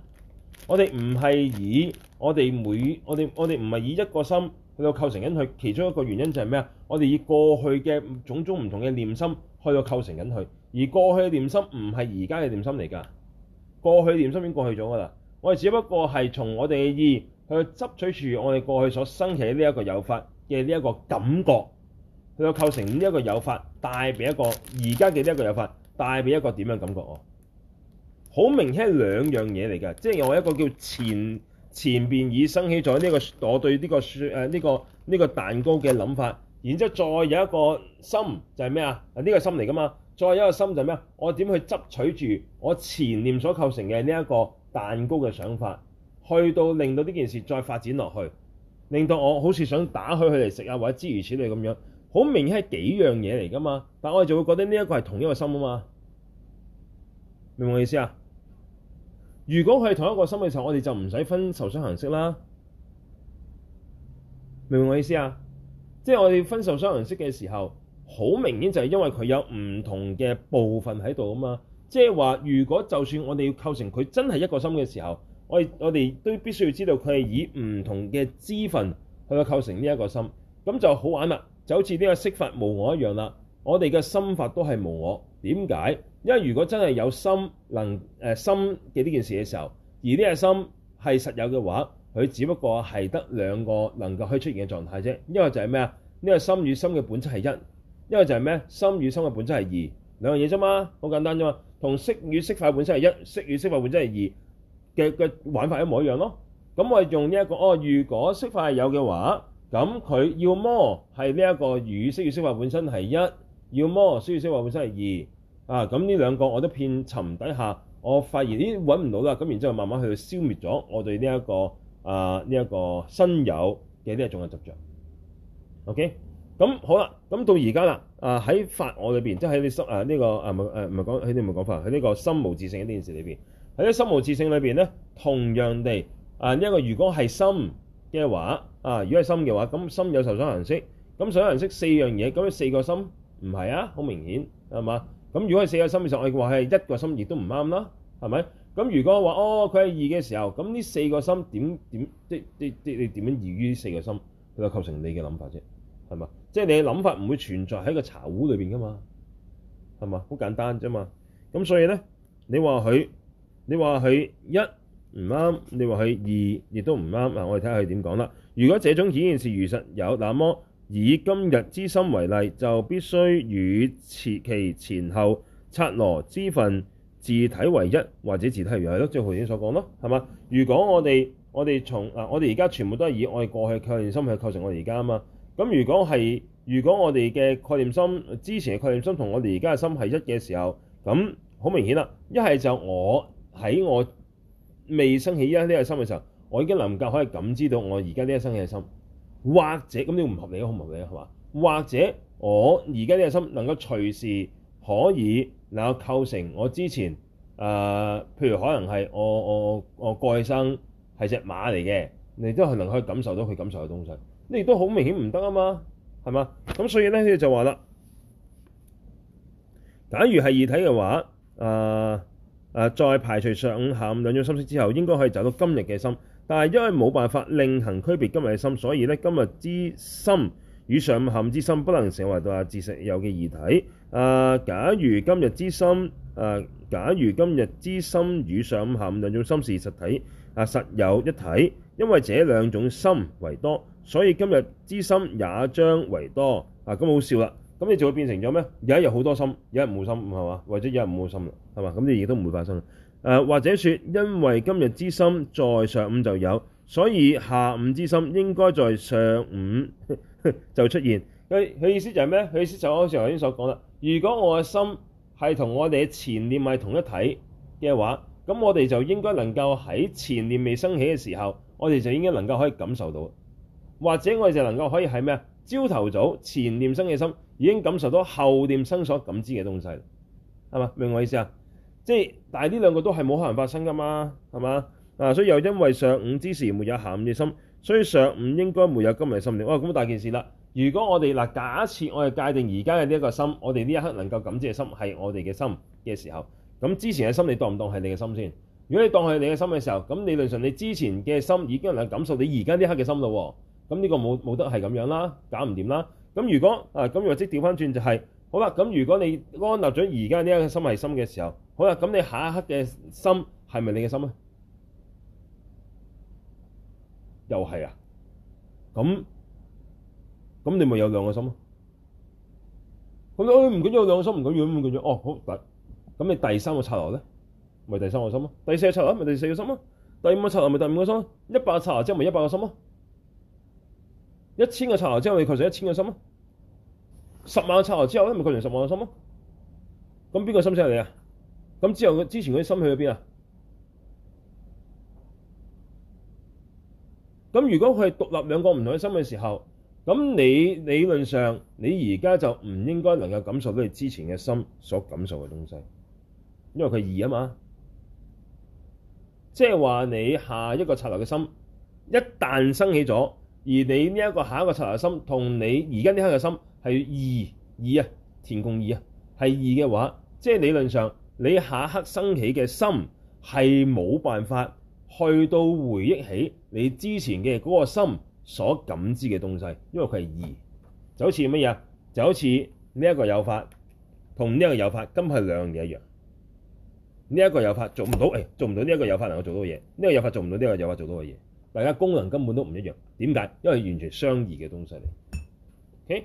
我哋唔係以我哋每我哋我哋唔係以一個心。佢個構成緊佢，其中一個原因就係咩啊？我哋以過去嘅種種唔同嘅念心去到構成緊佢，而過去嘅念心唔係而家嘅念心嚟㗎。過去念心已經過去咗㗎啦。我哋只不過係從我哋嘅意去到，執取住我哋過去所生起呢一個有法嘅呢一個感覺，佢個構成呢一個有法帶俾一個而家嘅呢一個有法帶俾一個點樣感覺？我好明顯係兩樣嘢嚟㗎，即係我一個叫前。前邊已生起咗呢個，我對呢個誒呢個呢個蛋糕嘅諗法，然之後再有一個心就係咩啊？呢個心嚟噶嘛？再有一個心就係咩啊？我點去執取住我前念所構成嘅呢一個蛋糕嘅想法，去到令到呢件事再發展落去，令到我好似想打開佢嚟食啊，或者諸如此類咁樣，好明顯係幾樣嘢嚟噶嘛？但我哋就會覺得呢一個係同一個心啊嘛，明唔明意思啊？如果佢係同一個心嘅時候，我哋就唔使分受想行識啦，明唔明我意思啊？即係我哋分受想行識嘅時候，好明顯就係因為佢有唔同嘅部分喺度啊嘛。即係話，如果就算我哋要構成佢真係一個心嘅時候，我哋我哋都必須要知道佢係以唔同嘅支分去構成呢一個心，咁就好玩啦，就好似呢個色法無我一樣啦。我哋嘅心法都係無我，點解？因為如果真係有心能誒、呃、心嘅呢件事嘅時候，而呢個心係實有嘅話，佢只不過係得兩個能夠可以出現嘅狀態啫。一個就係咩啊？呢、這個心與心嘅本質係一；一個就係咩？心與心嘅本質係二，兩樣嘢啫嘛，好簡單啫嘛，同色與色塊本身係一，色與色塊本身係二嘅嘅玩法一模一樣咯。咁我用呢、這、一個哦。如果色塊係有嘅話，咁佢要麼係呢一個與色與色塊本身係一，要麼色與色塊本身係二。啊！咁呢兩個我都遍尋底下，我發現咦揾唔到啦。咁然之後，慢慢去消滅咗我對呢、這、一個啊呢一、這個新友嘅呢一種嘅執着。OK，咁、嗯、好啦。咁、嗯、到而家啦啊！喺法我裏邊，即係喺你心啊呢、這個啊唔誒唔係講，佢哋唔係講法喺呢個心無自性呢件事裏邊喺啲心無自性裏邊咧，同樣地啊呢一、這個如果係心嘅話啊，如果係心嘅話，咁心有受想行識，咁受想行識四樣嘢，咁四個心唔係啊，好明顯係嘛？咁如果係四個心嘅時候，我哋話係一個心，亦都唔啱啦，係咪？咁如果話哦，佢係二嘅時候，咁呢四個心點點即即即你點樣如於呢四個心？佢、哦、就構成你嘅諗法啫，係嘛？即係你嘅諗法唔會存在喺個茶壺裏邊噶嘛，係嘛？好簡單啫嘛。咁所以咧，你話佢，你話佢一唔啱，你話佢二亦都唔啱啊！我哋睇下佢點講啦。如果這種顯現是如實有，那麼以今日之心為例，就必須與其前後剎那之分自體為一，或者自體係一咯，即係頭先所講咯，係嘛？如果我哋我哋從啊，我哋而家全部都係以我哋過去概念心去構成我哋而家啊嘛。咁如果係如果我哋嘅概念心之前嘅概念心同我哋而家嘅心係一嘅時候，咁好明顯啦。一係就我喺我未生起呢一個心嘅時候，我已經能夠可以感知到我而家呢一生起嘅心。或者咁你唔合理好唔合理係嘛？或者我而家呢個心能夠隨時可以能夠構成我之前誒、呃，譬如可能係我我我蓋生係隻馬嚟嘅，你都可能可以感受到佢感受嘅東西。你亦都好明顯唔得啊嘛，係嘛？咁所以咧你就話啦，假如係異體嘅話，誒、呃、誒、呃、再排除上午下午兩種心識之後，應該可以找到今日嘅心。但係因為冇辦法另行區別今日嘅心，所以咧今日之心與上午、下午之心不能成立為實有嘅異體。啊、呃，假如今日之心，啊、呃，假如今日之心與上午、下午兩種心是實體，啊，實有一體。因為這兩種心為多，所以今日之心也將為多。啊，咁好笑啦！咁你就會變成咗咩？有一日好多心，有一日冇心，係嘛？或者有一日冇心啦，係嘛？咁你亦都唔會發生。誒、呃、或者說，因為今日之心在上午就有，所以下午之心應該在上午 就出現。佢佢意思就係咩？佢意思就好似我頭先所講啦。如果我嘅心係同我哋嘅前念係同一體嘅話，咁我哋就應該能夠喺前念未升起嘅時候，我哋就應該能夠可以感受到，或者我哋就能夠可以喺咩啊？朝頭早前念生嘅心已經感受到後念生所感知嘅東西，係嘛？明我意思啊？即係，但係呢兩個都係冇可能發生噶嘛，係嘛啊？所以又因為上午之時沒有下午嘅心，所以上午應該沒有今日心嘅啊。哇！咁大件事啦。如果我哋嗱、啊，假設我哋界定而家嘅呢一個心，我哋呢一刻能夠感知嘅心係我哋嘅心嘅時候，咁之前嘅心你當唔當係你嘅心先？如果你當係你嘅心嘅時候，咁理論上你之前嘅心已經能夠感受你而家呢一刻嘅心啦。咁呢個冇冇得係咁樣啦，搞唔掂啦。咁如果啊，咁若即掉返轉就係好啦。咁如，啊啊啊就是、如果你安立咗而家呢一個心係心嘅時候，好啦，咁你下一刻嘅心係咪你嘅心啊？又係啊？咁咁你咪有兩個心啊？咁啊唔緊要兩個心，唔緊要唔緊要哦，好，咁你第三個剎那咧，咪第三個心啊？第四個剎那咪第四個心啊？第五個剎那咪第五個心？一百個剎那之後咪一百個心啊？一千個剎那之後咪構成一千個心啊？十萬個剎那之後咧咪構成十萬個心啊？咁邊個心先係你啊？咁之後，佢之前嗰啲心去咗邊啊？咁如果佢係獨立兩個唔同嘅心嘅時候，咁你理論上，你而家就唔應該能夠感受到你之前嘅心所感受嘅東西，因為佢異啊嘛。即係話你下一個剎那嘅心一旦升起咗，而你呢一個下一個剎那嘅心同你而家呢刻嘅心係異異啊，田共異啊，係異嘅話，即係理論上。你下刻升起嘅心係冇辦法去到回憶起你之前嘅嗰個心所感知嘅東西，因為佢係異，就好似乜嘢？就好似呢一個有法同呢一個有法根本係兩樣嘢一樣。呢、這、一個有法做唔到，誒、哎、做唔到呢一個有法能夠做到嘢，呢、這個有法做唔到，呢個有法做到嘅嘢，大家功能根本都唔一樣。點解？因為完全相異嘅東西嚟。O K，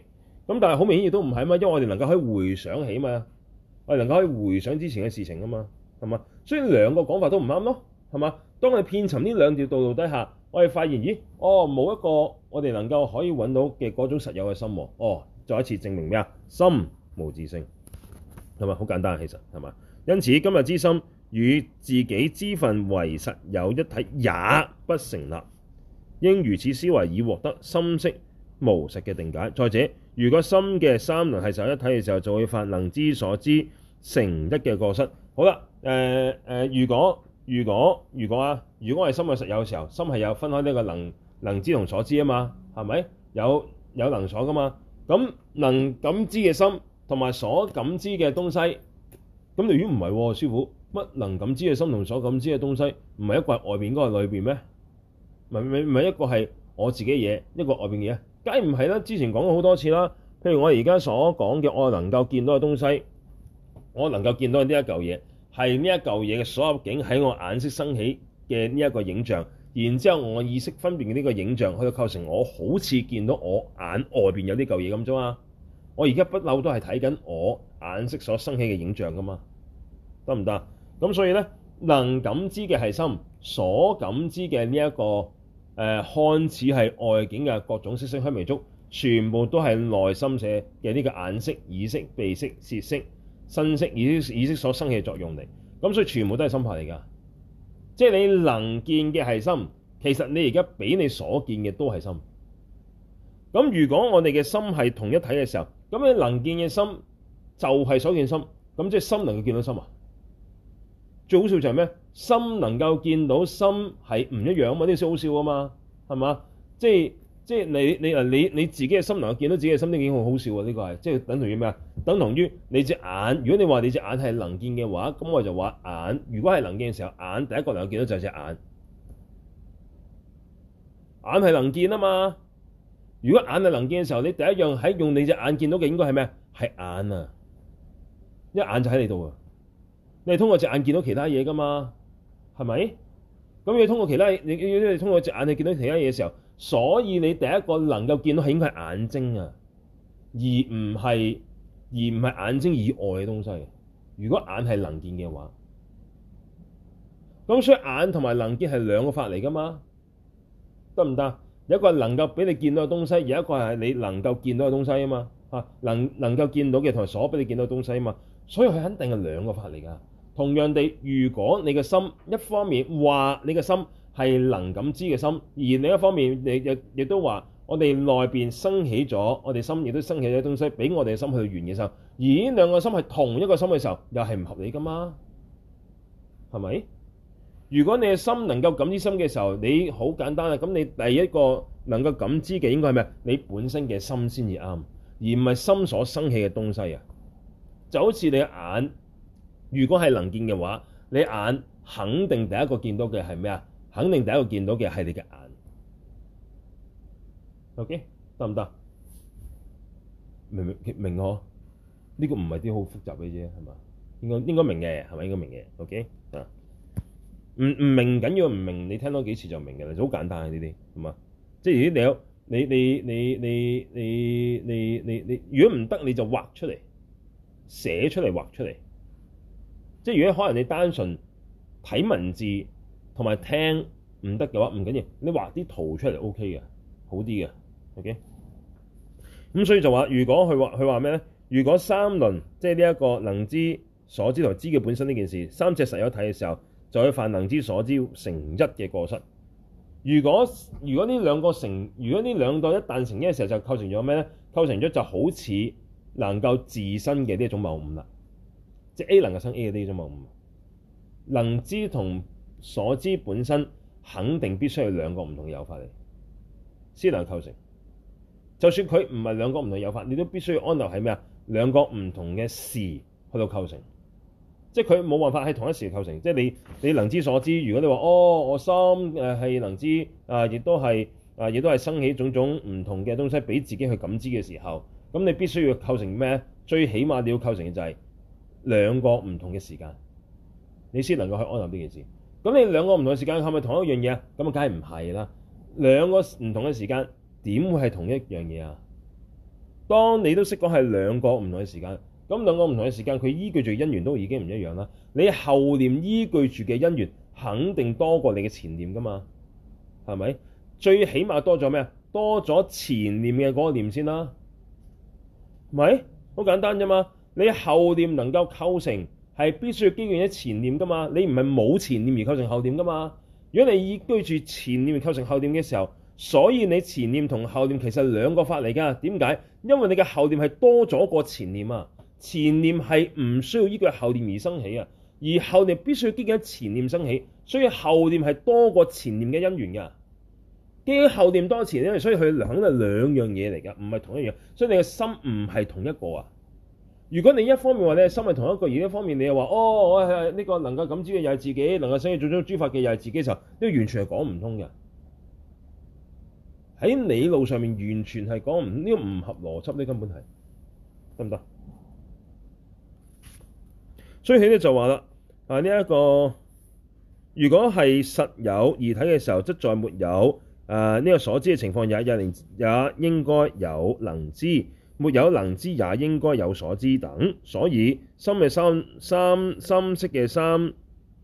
咁但係好明顯亦都唔係嘛，因為我哋能夠可以回想起嘛。我哋能夠回想之前嘅事情啊嘛，係嘛？雖然兩個講法都唔啱咯，係嘛？當我哋遍尋呢兩條道路底下，我哋發現，咦？哦，冇一個我哋能夠可以揾到嘅嗰種實有嘅心喎，哦，再一次證明咩啊？心無自性，係咪？好簡單，其實係咪？因此今日之心與自己支分為實有一體，也不成立，應如此思維以獲得心識無實嘅定解。再者。如果心嘅三輪係實有一體嘅時候，就會發能知所知成一嘅過失。好、呃、啦，誒、呃、誒，如果如果如果啊，如果係心嘅實有嘅時候，心係有分開呢個能能知同所知啊嘛，係咪有有能所噶嘛？咁、嗯、能感知嘅心同埋所感知嘅東西，咁、嗯、如於唔係，師傅乜能感知嘅心同所感知嘅東西，唔係一個係外邊，一個係內邊咩？唔係唔係一個係我自己嘢，一個外邊嘢？梗唔係啦，之前講過好多次啦。譬如我而家所講嘅，我能夠見到嘅東西，我能夠見到呢一嚿嘢，係呢一嚿嘢嘅所有景喺我眼識生起嘅呢一個影像，然之後我意識分辨嘅呢個影像，佢就構成我好似見到我眼外邊有呢嚿嘢咁啫嘛。我而家不嬲都係睇緊我眼識所生起嘅影像噶嘛，得唔得？咁所以呢，能感知嘅係心，所感知嘅呢一個。誒、呃、看似係外境嘅各種色聲香味觸全部都係內心社嘅呢個眼識、耳識、鼻識、舌識,色、身識、意識意識所生嘅作用嚟。咁所以全部都係心法嚟㗎。即係你能見嘅係心，其實你而家比你所見嘅都係心。咁如果我哋嘅心係同一體嘅時候，咁你能見嘅心就係所見心，咁即係心能夠見到心嘛？最好笑就係咩？心能夠見到心係唔一樣啊嘛，呢啲先好笑啊嘛，係嘛？即係即係你你啊你你自己嘅心能夠見到自己嘅心，已經好好笑啊！呢個係即係等同於咩啊？等同於你隻眼，如果你話你隻眼係能見嘅話，咁我就話眼。如果係能見嘅時候，眼第一個能夠見到就係隻眼，眼係能見啊嘛。如果眼係能見嘅時候，你第一樣喺用你隻眼見到嘅應該係咩啊？係眼啊，一眼就喺你度啊。你係通過隻眼見到其他嘢噶嘛？係咪？咁你通過其他你你，你通過隻眼去見到其他嘢嘅時候，所以你第一個能夠見到係應該係眼睛啊，而唔係而唔係眼睛以外嘅東西。如果眼係能見嘅話，咁所以眼同埋能見係兩個法嚟噶嘛？得唔得？有一個能夠俾你見到嘅東西，有一個係你能夠見到嘅東西啊嘛。吓，能能夠見到嘅同埋所俾你見到嘅東西啊嘛。所以佢肯定係兩個法嚟噶。同樣地，如果你嘅心一方面話你嘅心係能感知嘅心，而另一方面你又亦都話我哋內邊生起咗我哋心，亦都生起咗東西俾我哋嘅心去完嘅時候，而呢兩個心係同一個心嘅時候，又係唔合理㗎嘛？係咪？如果你嘅心能夠感知心嘅時候，你好簡單啊！咁你第一個能夠感知嘅應該係咩？你本身嘅心先至啱，而唔係心所生起嘅東西啊！就好似你眼。如果係能見嘅話，你眼肯定第一個見到嘅係咩啊？肯定第一個見到嘅係你嘅眼。OK，得唔得？明唔明？明嘅嗬，呢個唔係啲好複雜嘅啫，係嘛？應該應該明嘅，係咪應該明嘅？OK 啊，唔唔明緊要明，唔明你聽多幾次就明嘅啦。好簡單嘅呢啲，係嘛？即係如果你有你、你、你、你、你、你、你、你，如果唔得你就畫出嚟、寫出嚟、畫出嚟。即係如果可能你單純睇文字同埋聽唔得嘅話，唔緊要，你畫啲圖出嚟 OK 嘅，好啲嘅，OK。咁所以就話，如果佢話佢話咩咧？如果三輪即係呢一個能知所知同知嘅本身呢件事，三隻實有睇嘅時候，就會犯能知所知成一嘅過失。如果如果呢兩個成，如果呢兩個一旦成一嘅時候，就構成咗咩咧？構成咗就好似能夠自身嘅呢一種謬誤啦。即係 A 能夠生 A 啲呢種嘛？能知同所知本身肯定必須有兩個唔同嘅有法嚟，先能夠構成。就算佢唔係兩個唔同嘅有法，你都必須要安立喺咩啊？兩個唔同嘅事去到構成，即係佢冇辦法喺同一時構成。即係你你能知所知，如果你話哦，我心誒係能知啊、呃，亦都係啊、呃，亦都係生起種種唔同嘅東西俾自己去感知嘅時候，咁你必須要構成咩？最起碼你要構成嘅就係、是。兩個唔同嘅時間，你先能夠去安立呢件事。咁你兩個唔同嘅時間係咪同一樣嘢啊？咁啊，梗係唔係啦？兩個唔同嘅時間點會係同一樣嘢啊？當你都識講係兩個唔同嘅時間，咁兩個唔同嘅時間佢依據住因緣都已經唔一樣啦。你後念依據住嘅因緣肯定多過你嘅前念噶嘛？係咪？最起碼多咗咩啊？多咗前念嘅嗰念先啦。係咪好簡單啫嘛～你後念能夠構成係必須要基於一前念噶嘛？你唔係冇前念而構成後念噶嘛？如果你已居住前念而構成後念嘅時候，所以你前念同後念其實兩個法嚟噶。點解？因為你嘅後念係多咗個前念啊。前念係唔需要依個後念而生起啊，而後念必須要基於前念生起，所以後念係多過前念嘅因緣噶。基於後念多前，因為所以佢肯定係兩樣嘢嚟噶，唔係同一樣，所以你嘅心唔係同一個啊。如果你一方面話你係心係同一個，而一方面你又話哦，我係呢個能夠感知嘅又係自己，能夠使用做中諸法嘅又係自己，嘅時候，呢個完全係講唔通嘅。喺你路上面完全係講唔通，呢個唔合邏輯，呢根本係得唔得？所以佢咧就話啦，啊呢一、這個如果係實有異體嘅時候，則在沒有誒呢、啊這個所知嘅情況下，亦連也應該有能知。沒有能知，也應該有所知等，所以心嘅三三心識三色嘅三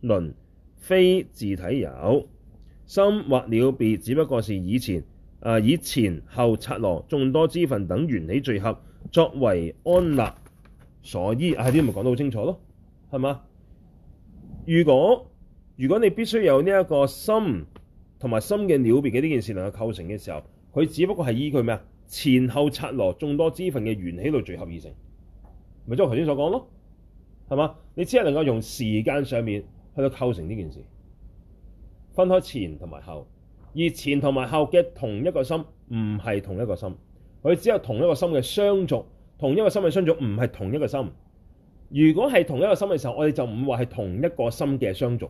輪非自體有，心或了別，只不過是以前啊、呃、以前後剎那眾多支分等緣起聚合作為安立所依。啊呢啲咪講得好清楚咯，係嘛？如果如果你必須有呢一個心同埋心嘅了別嘅呢件事能夠構成嘅時候，佢只不過係依據咩啊？前後剎那眾多支分嘅緣起度聚合而成，咪即係我頭先所講咯，係嘛？你只係能夠用時間上面去到構成呢件事，分開前同埋後，而前同埋後嘅同一個心唔係同一個心，佢只有同一個心嘅相續，同一個心嘅相續唔係同一個心。如果係同一個心嘅時候，我哋就唔話係同一個心嘅相續，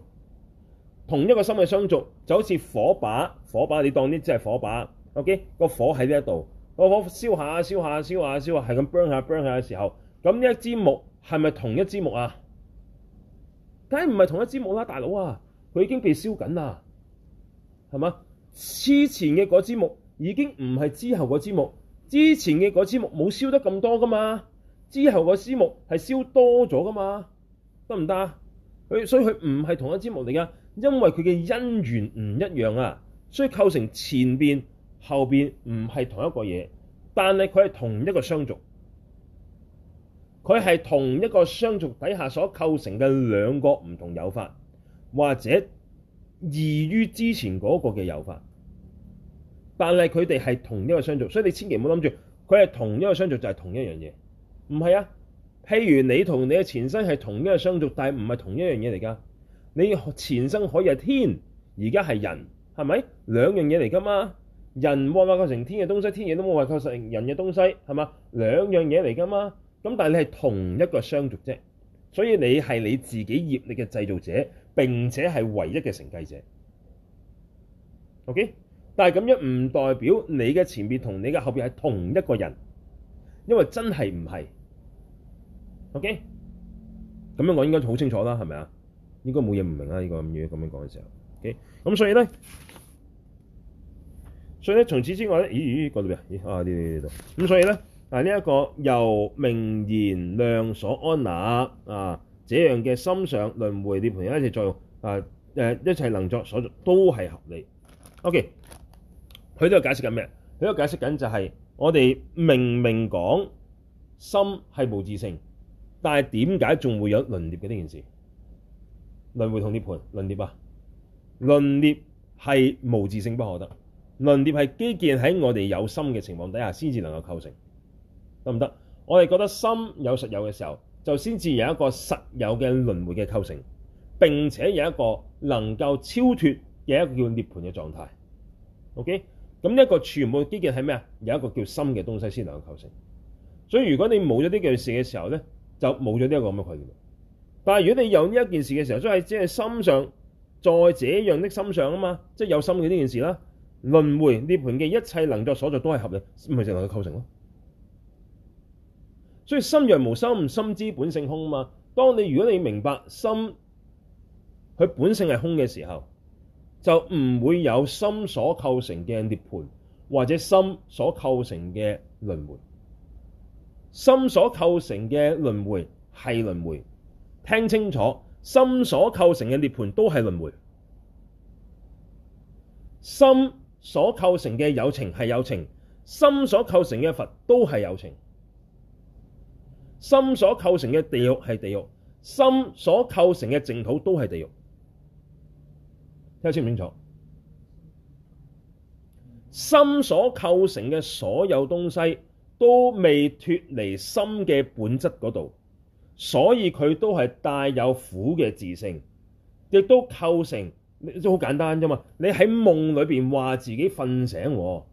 同一個心嘅相續就好似火把，火把你當呢隻係火把，OK？個火喺呢一度。我我燒下燒下燒下燒下，係咁 burn 下 burn 下嘅時候，咁呢一支木係咪同一支木啊？梗係唔係同一支木啦，啊，大佬啊，佢已經被燒緊啦，係嘛？之前嘅嗰支木已經唔係之後嗰支木，之前嘅嗰支木冇燒得咁多噶嘛，之後嗰支木係燒多咗噶嘛，得唔得啊？佢所以佢唔係同一支木嚟噶，因為佢嘅因緣唔一樣啊，所以構成前邊。後邊唔係同一個嘢，但係佢係同一個相續，佢係同一個相續底下所構成嘅兩個唔同有法，或者異於之前嗰個嘅有法。但係佢哋係同一個相續，所以你千祈唔好諗住佢係同一個相續就係同一樣嘢，唔係啊。譬如你同你嘅前身係同一個相續，但係唔係同一樣嘢嚟㗎。你前生可以係天，而家係人，係咪兩樣嘢嚟㗎嘛？人冇話構成天嘅東西，天嘢都冇話構成人嘅東西，係嘛？兩樣嘢嚟噶嘛？咁但係你係同一個相續啫，所以你係你自己業力嘅製造者，並且係唯一嘅承繼者。OK，但係咁樣唔代表你嘅前邊同你嘅後邊係同一個人，因為真係唔係。O K，咁樣我應該好清楚啦，係咪啊？應該冇嘢唔明啦。呢個咁樣咁樣講嘅時候，O K，咁所以咧。所以咧，從此之外咧，咦咦，過到邊啊？咦，啊呢呢呢度。咁所以咧，啊呢一個由名言量所安立，啊，這樣嘅心上輪迴涅盤一切作用，啊誒、啊、一切能作所作都係合理。OK，佢都係解釋緊咩？佢都解釋緊就係我哋明明講心係無自性，但係點解仲會有輪涅嘅呢件事？輪迴同涅盤輪涅啊，輪涅係無自性不可得。輪碟係基建喺我哋有心嘅情況底下先至能夠構成，得唔得？我哋覺得心有實有嘅時候，就先至有一個實有嘅輪迴嘅構成，並且有一個能夠超脫嘅一個叫涅槃嘅狀態。OK，咁一個全部嘅基建係咩啊？有一個叫心嘅東西先能夠構成。所以如果你冇咗呢件事嘅時候咧，就冇咗呢一個咁嘅概念。但係如果你有呢一件事嘅時候，即係即係心上再這樣的心上啊嘛，即係有心嘅呢件事啦。輪迴涅盤嘅一切能作所作都係合理，咪成個構成咯。所以心若無心，心之本性空嘛。當你如果你明白心，佢本性係空嘅時候，就唔會有心所構成嘅涅盤，或者心所構成嘅輪迴。心所構成嘅輪迴係輪迴，聽清楚，心所構成嘅涅盤都係輪迴，心。所構成嘅有情係有情，心所構成嘅佛都係有情，心所構成嘅地獄係地獄，心所構成嘅淨土都係地獄。聽清唔清楚？心所構成嘅所有東西都未脫離心嘅本質嗰度，所以佢都係帶有苦嘅自性，亦都構成。你都好簡單啫嘛！你喺夢裏邊話自己瞓醒喎，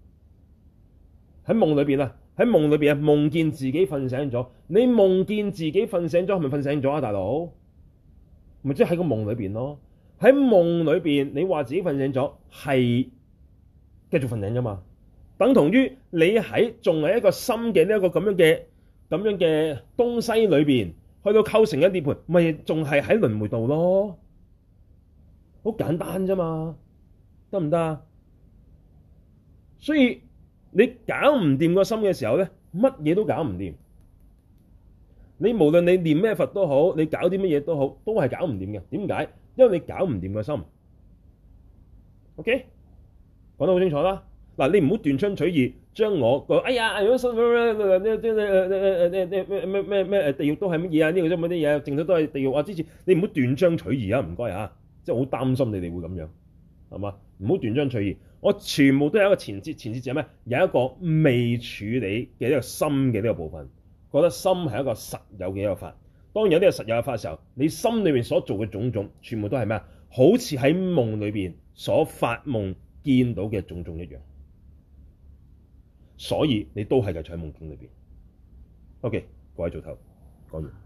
喺夢裏邊啊，喺夢裏邊啊，夢見自己瞓醒咗，你夢見自己瞓醒咗，係咪瞓醒咗啊，大佬？咪即係喺個夢裏邊咯，喺夢裏邊你話自己瞓醒咗，係繼續瞓醒啫嘛，等同於你喺仲係一個心嘅呢一個咁樣嘅咁樣嘅東西裏邊，去到構成一啲盤，咪仲係喺輪迴度咯。好簡單啫嘛，得唔得啊？所以你搞唔掂個心嘅時候咧，乜嘢都搞唔掂。你無論你念咩佛都好，你搞啲乜嘢都好，都係搞唔掂嘅。點解？因為你搞唔掂個心。OK，講得好清楚啦。嗱，你唔好斷章取義，將我個哎呀，咩咩咩咩咩咩地獄都係乜嘢啊？呢個咁嗰啲嘢，淨係都係地獄啊！之前你唔好斷章取義啊！唔該嚇。即係好擔心你哋會咁樣，係嘛？唔好斷章取義。我全部都有一個前節，前節就係咩？有一個未處理嘅一個心嘅呢個部分，覺得心係一個實有嘅一個法。當有啲係實有嘅法嘅時候，你心裏面所做嘅種種，全部都係咩？好似喺夢裏邊所發夢見到嘅種種一樣。所以你都係就喺夢境裏邊。OK，各位做頭講完。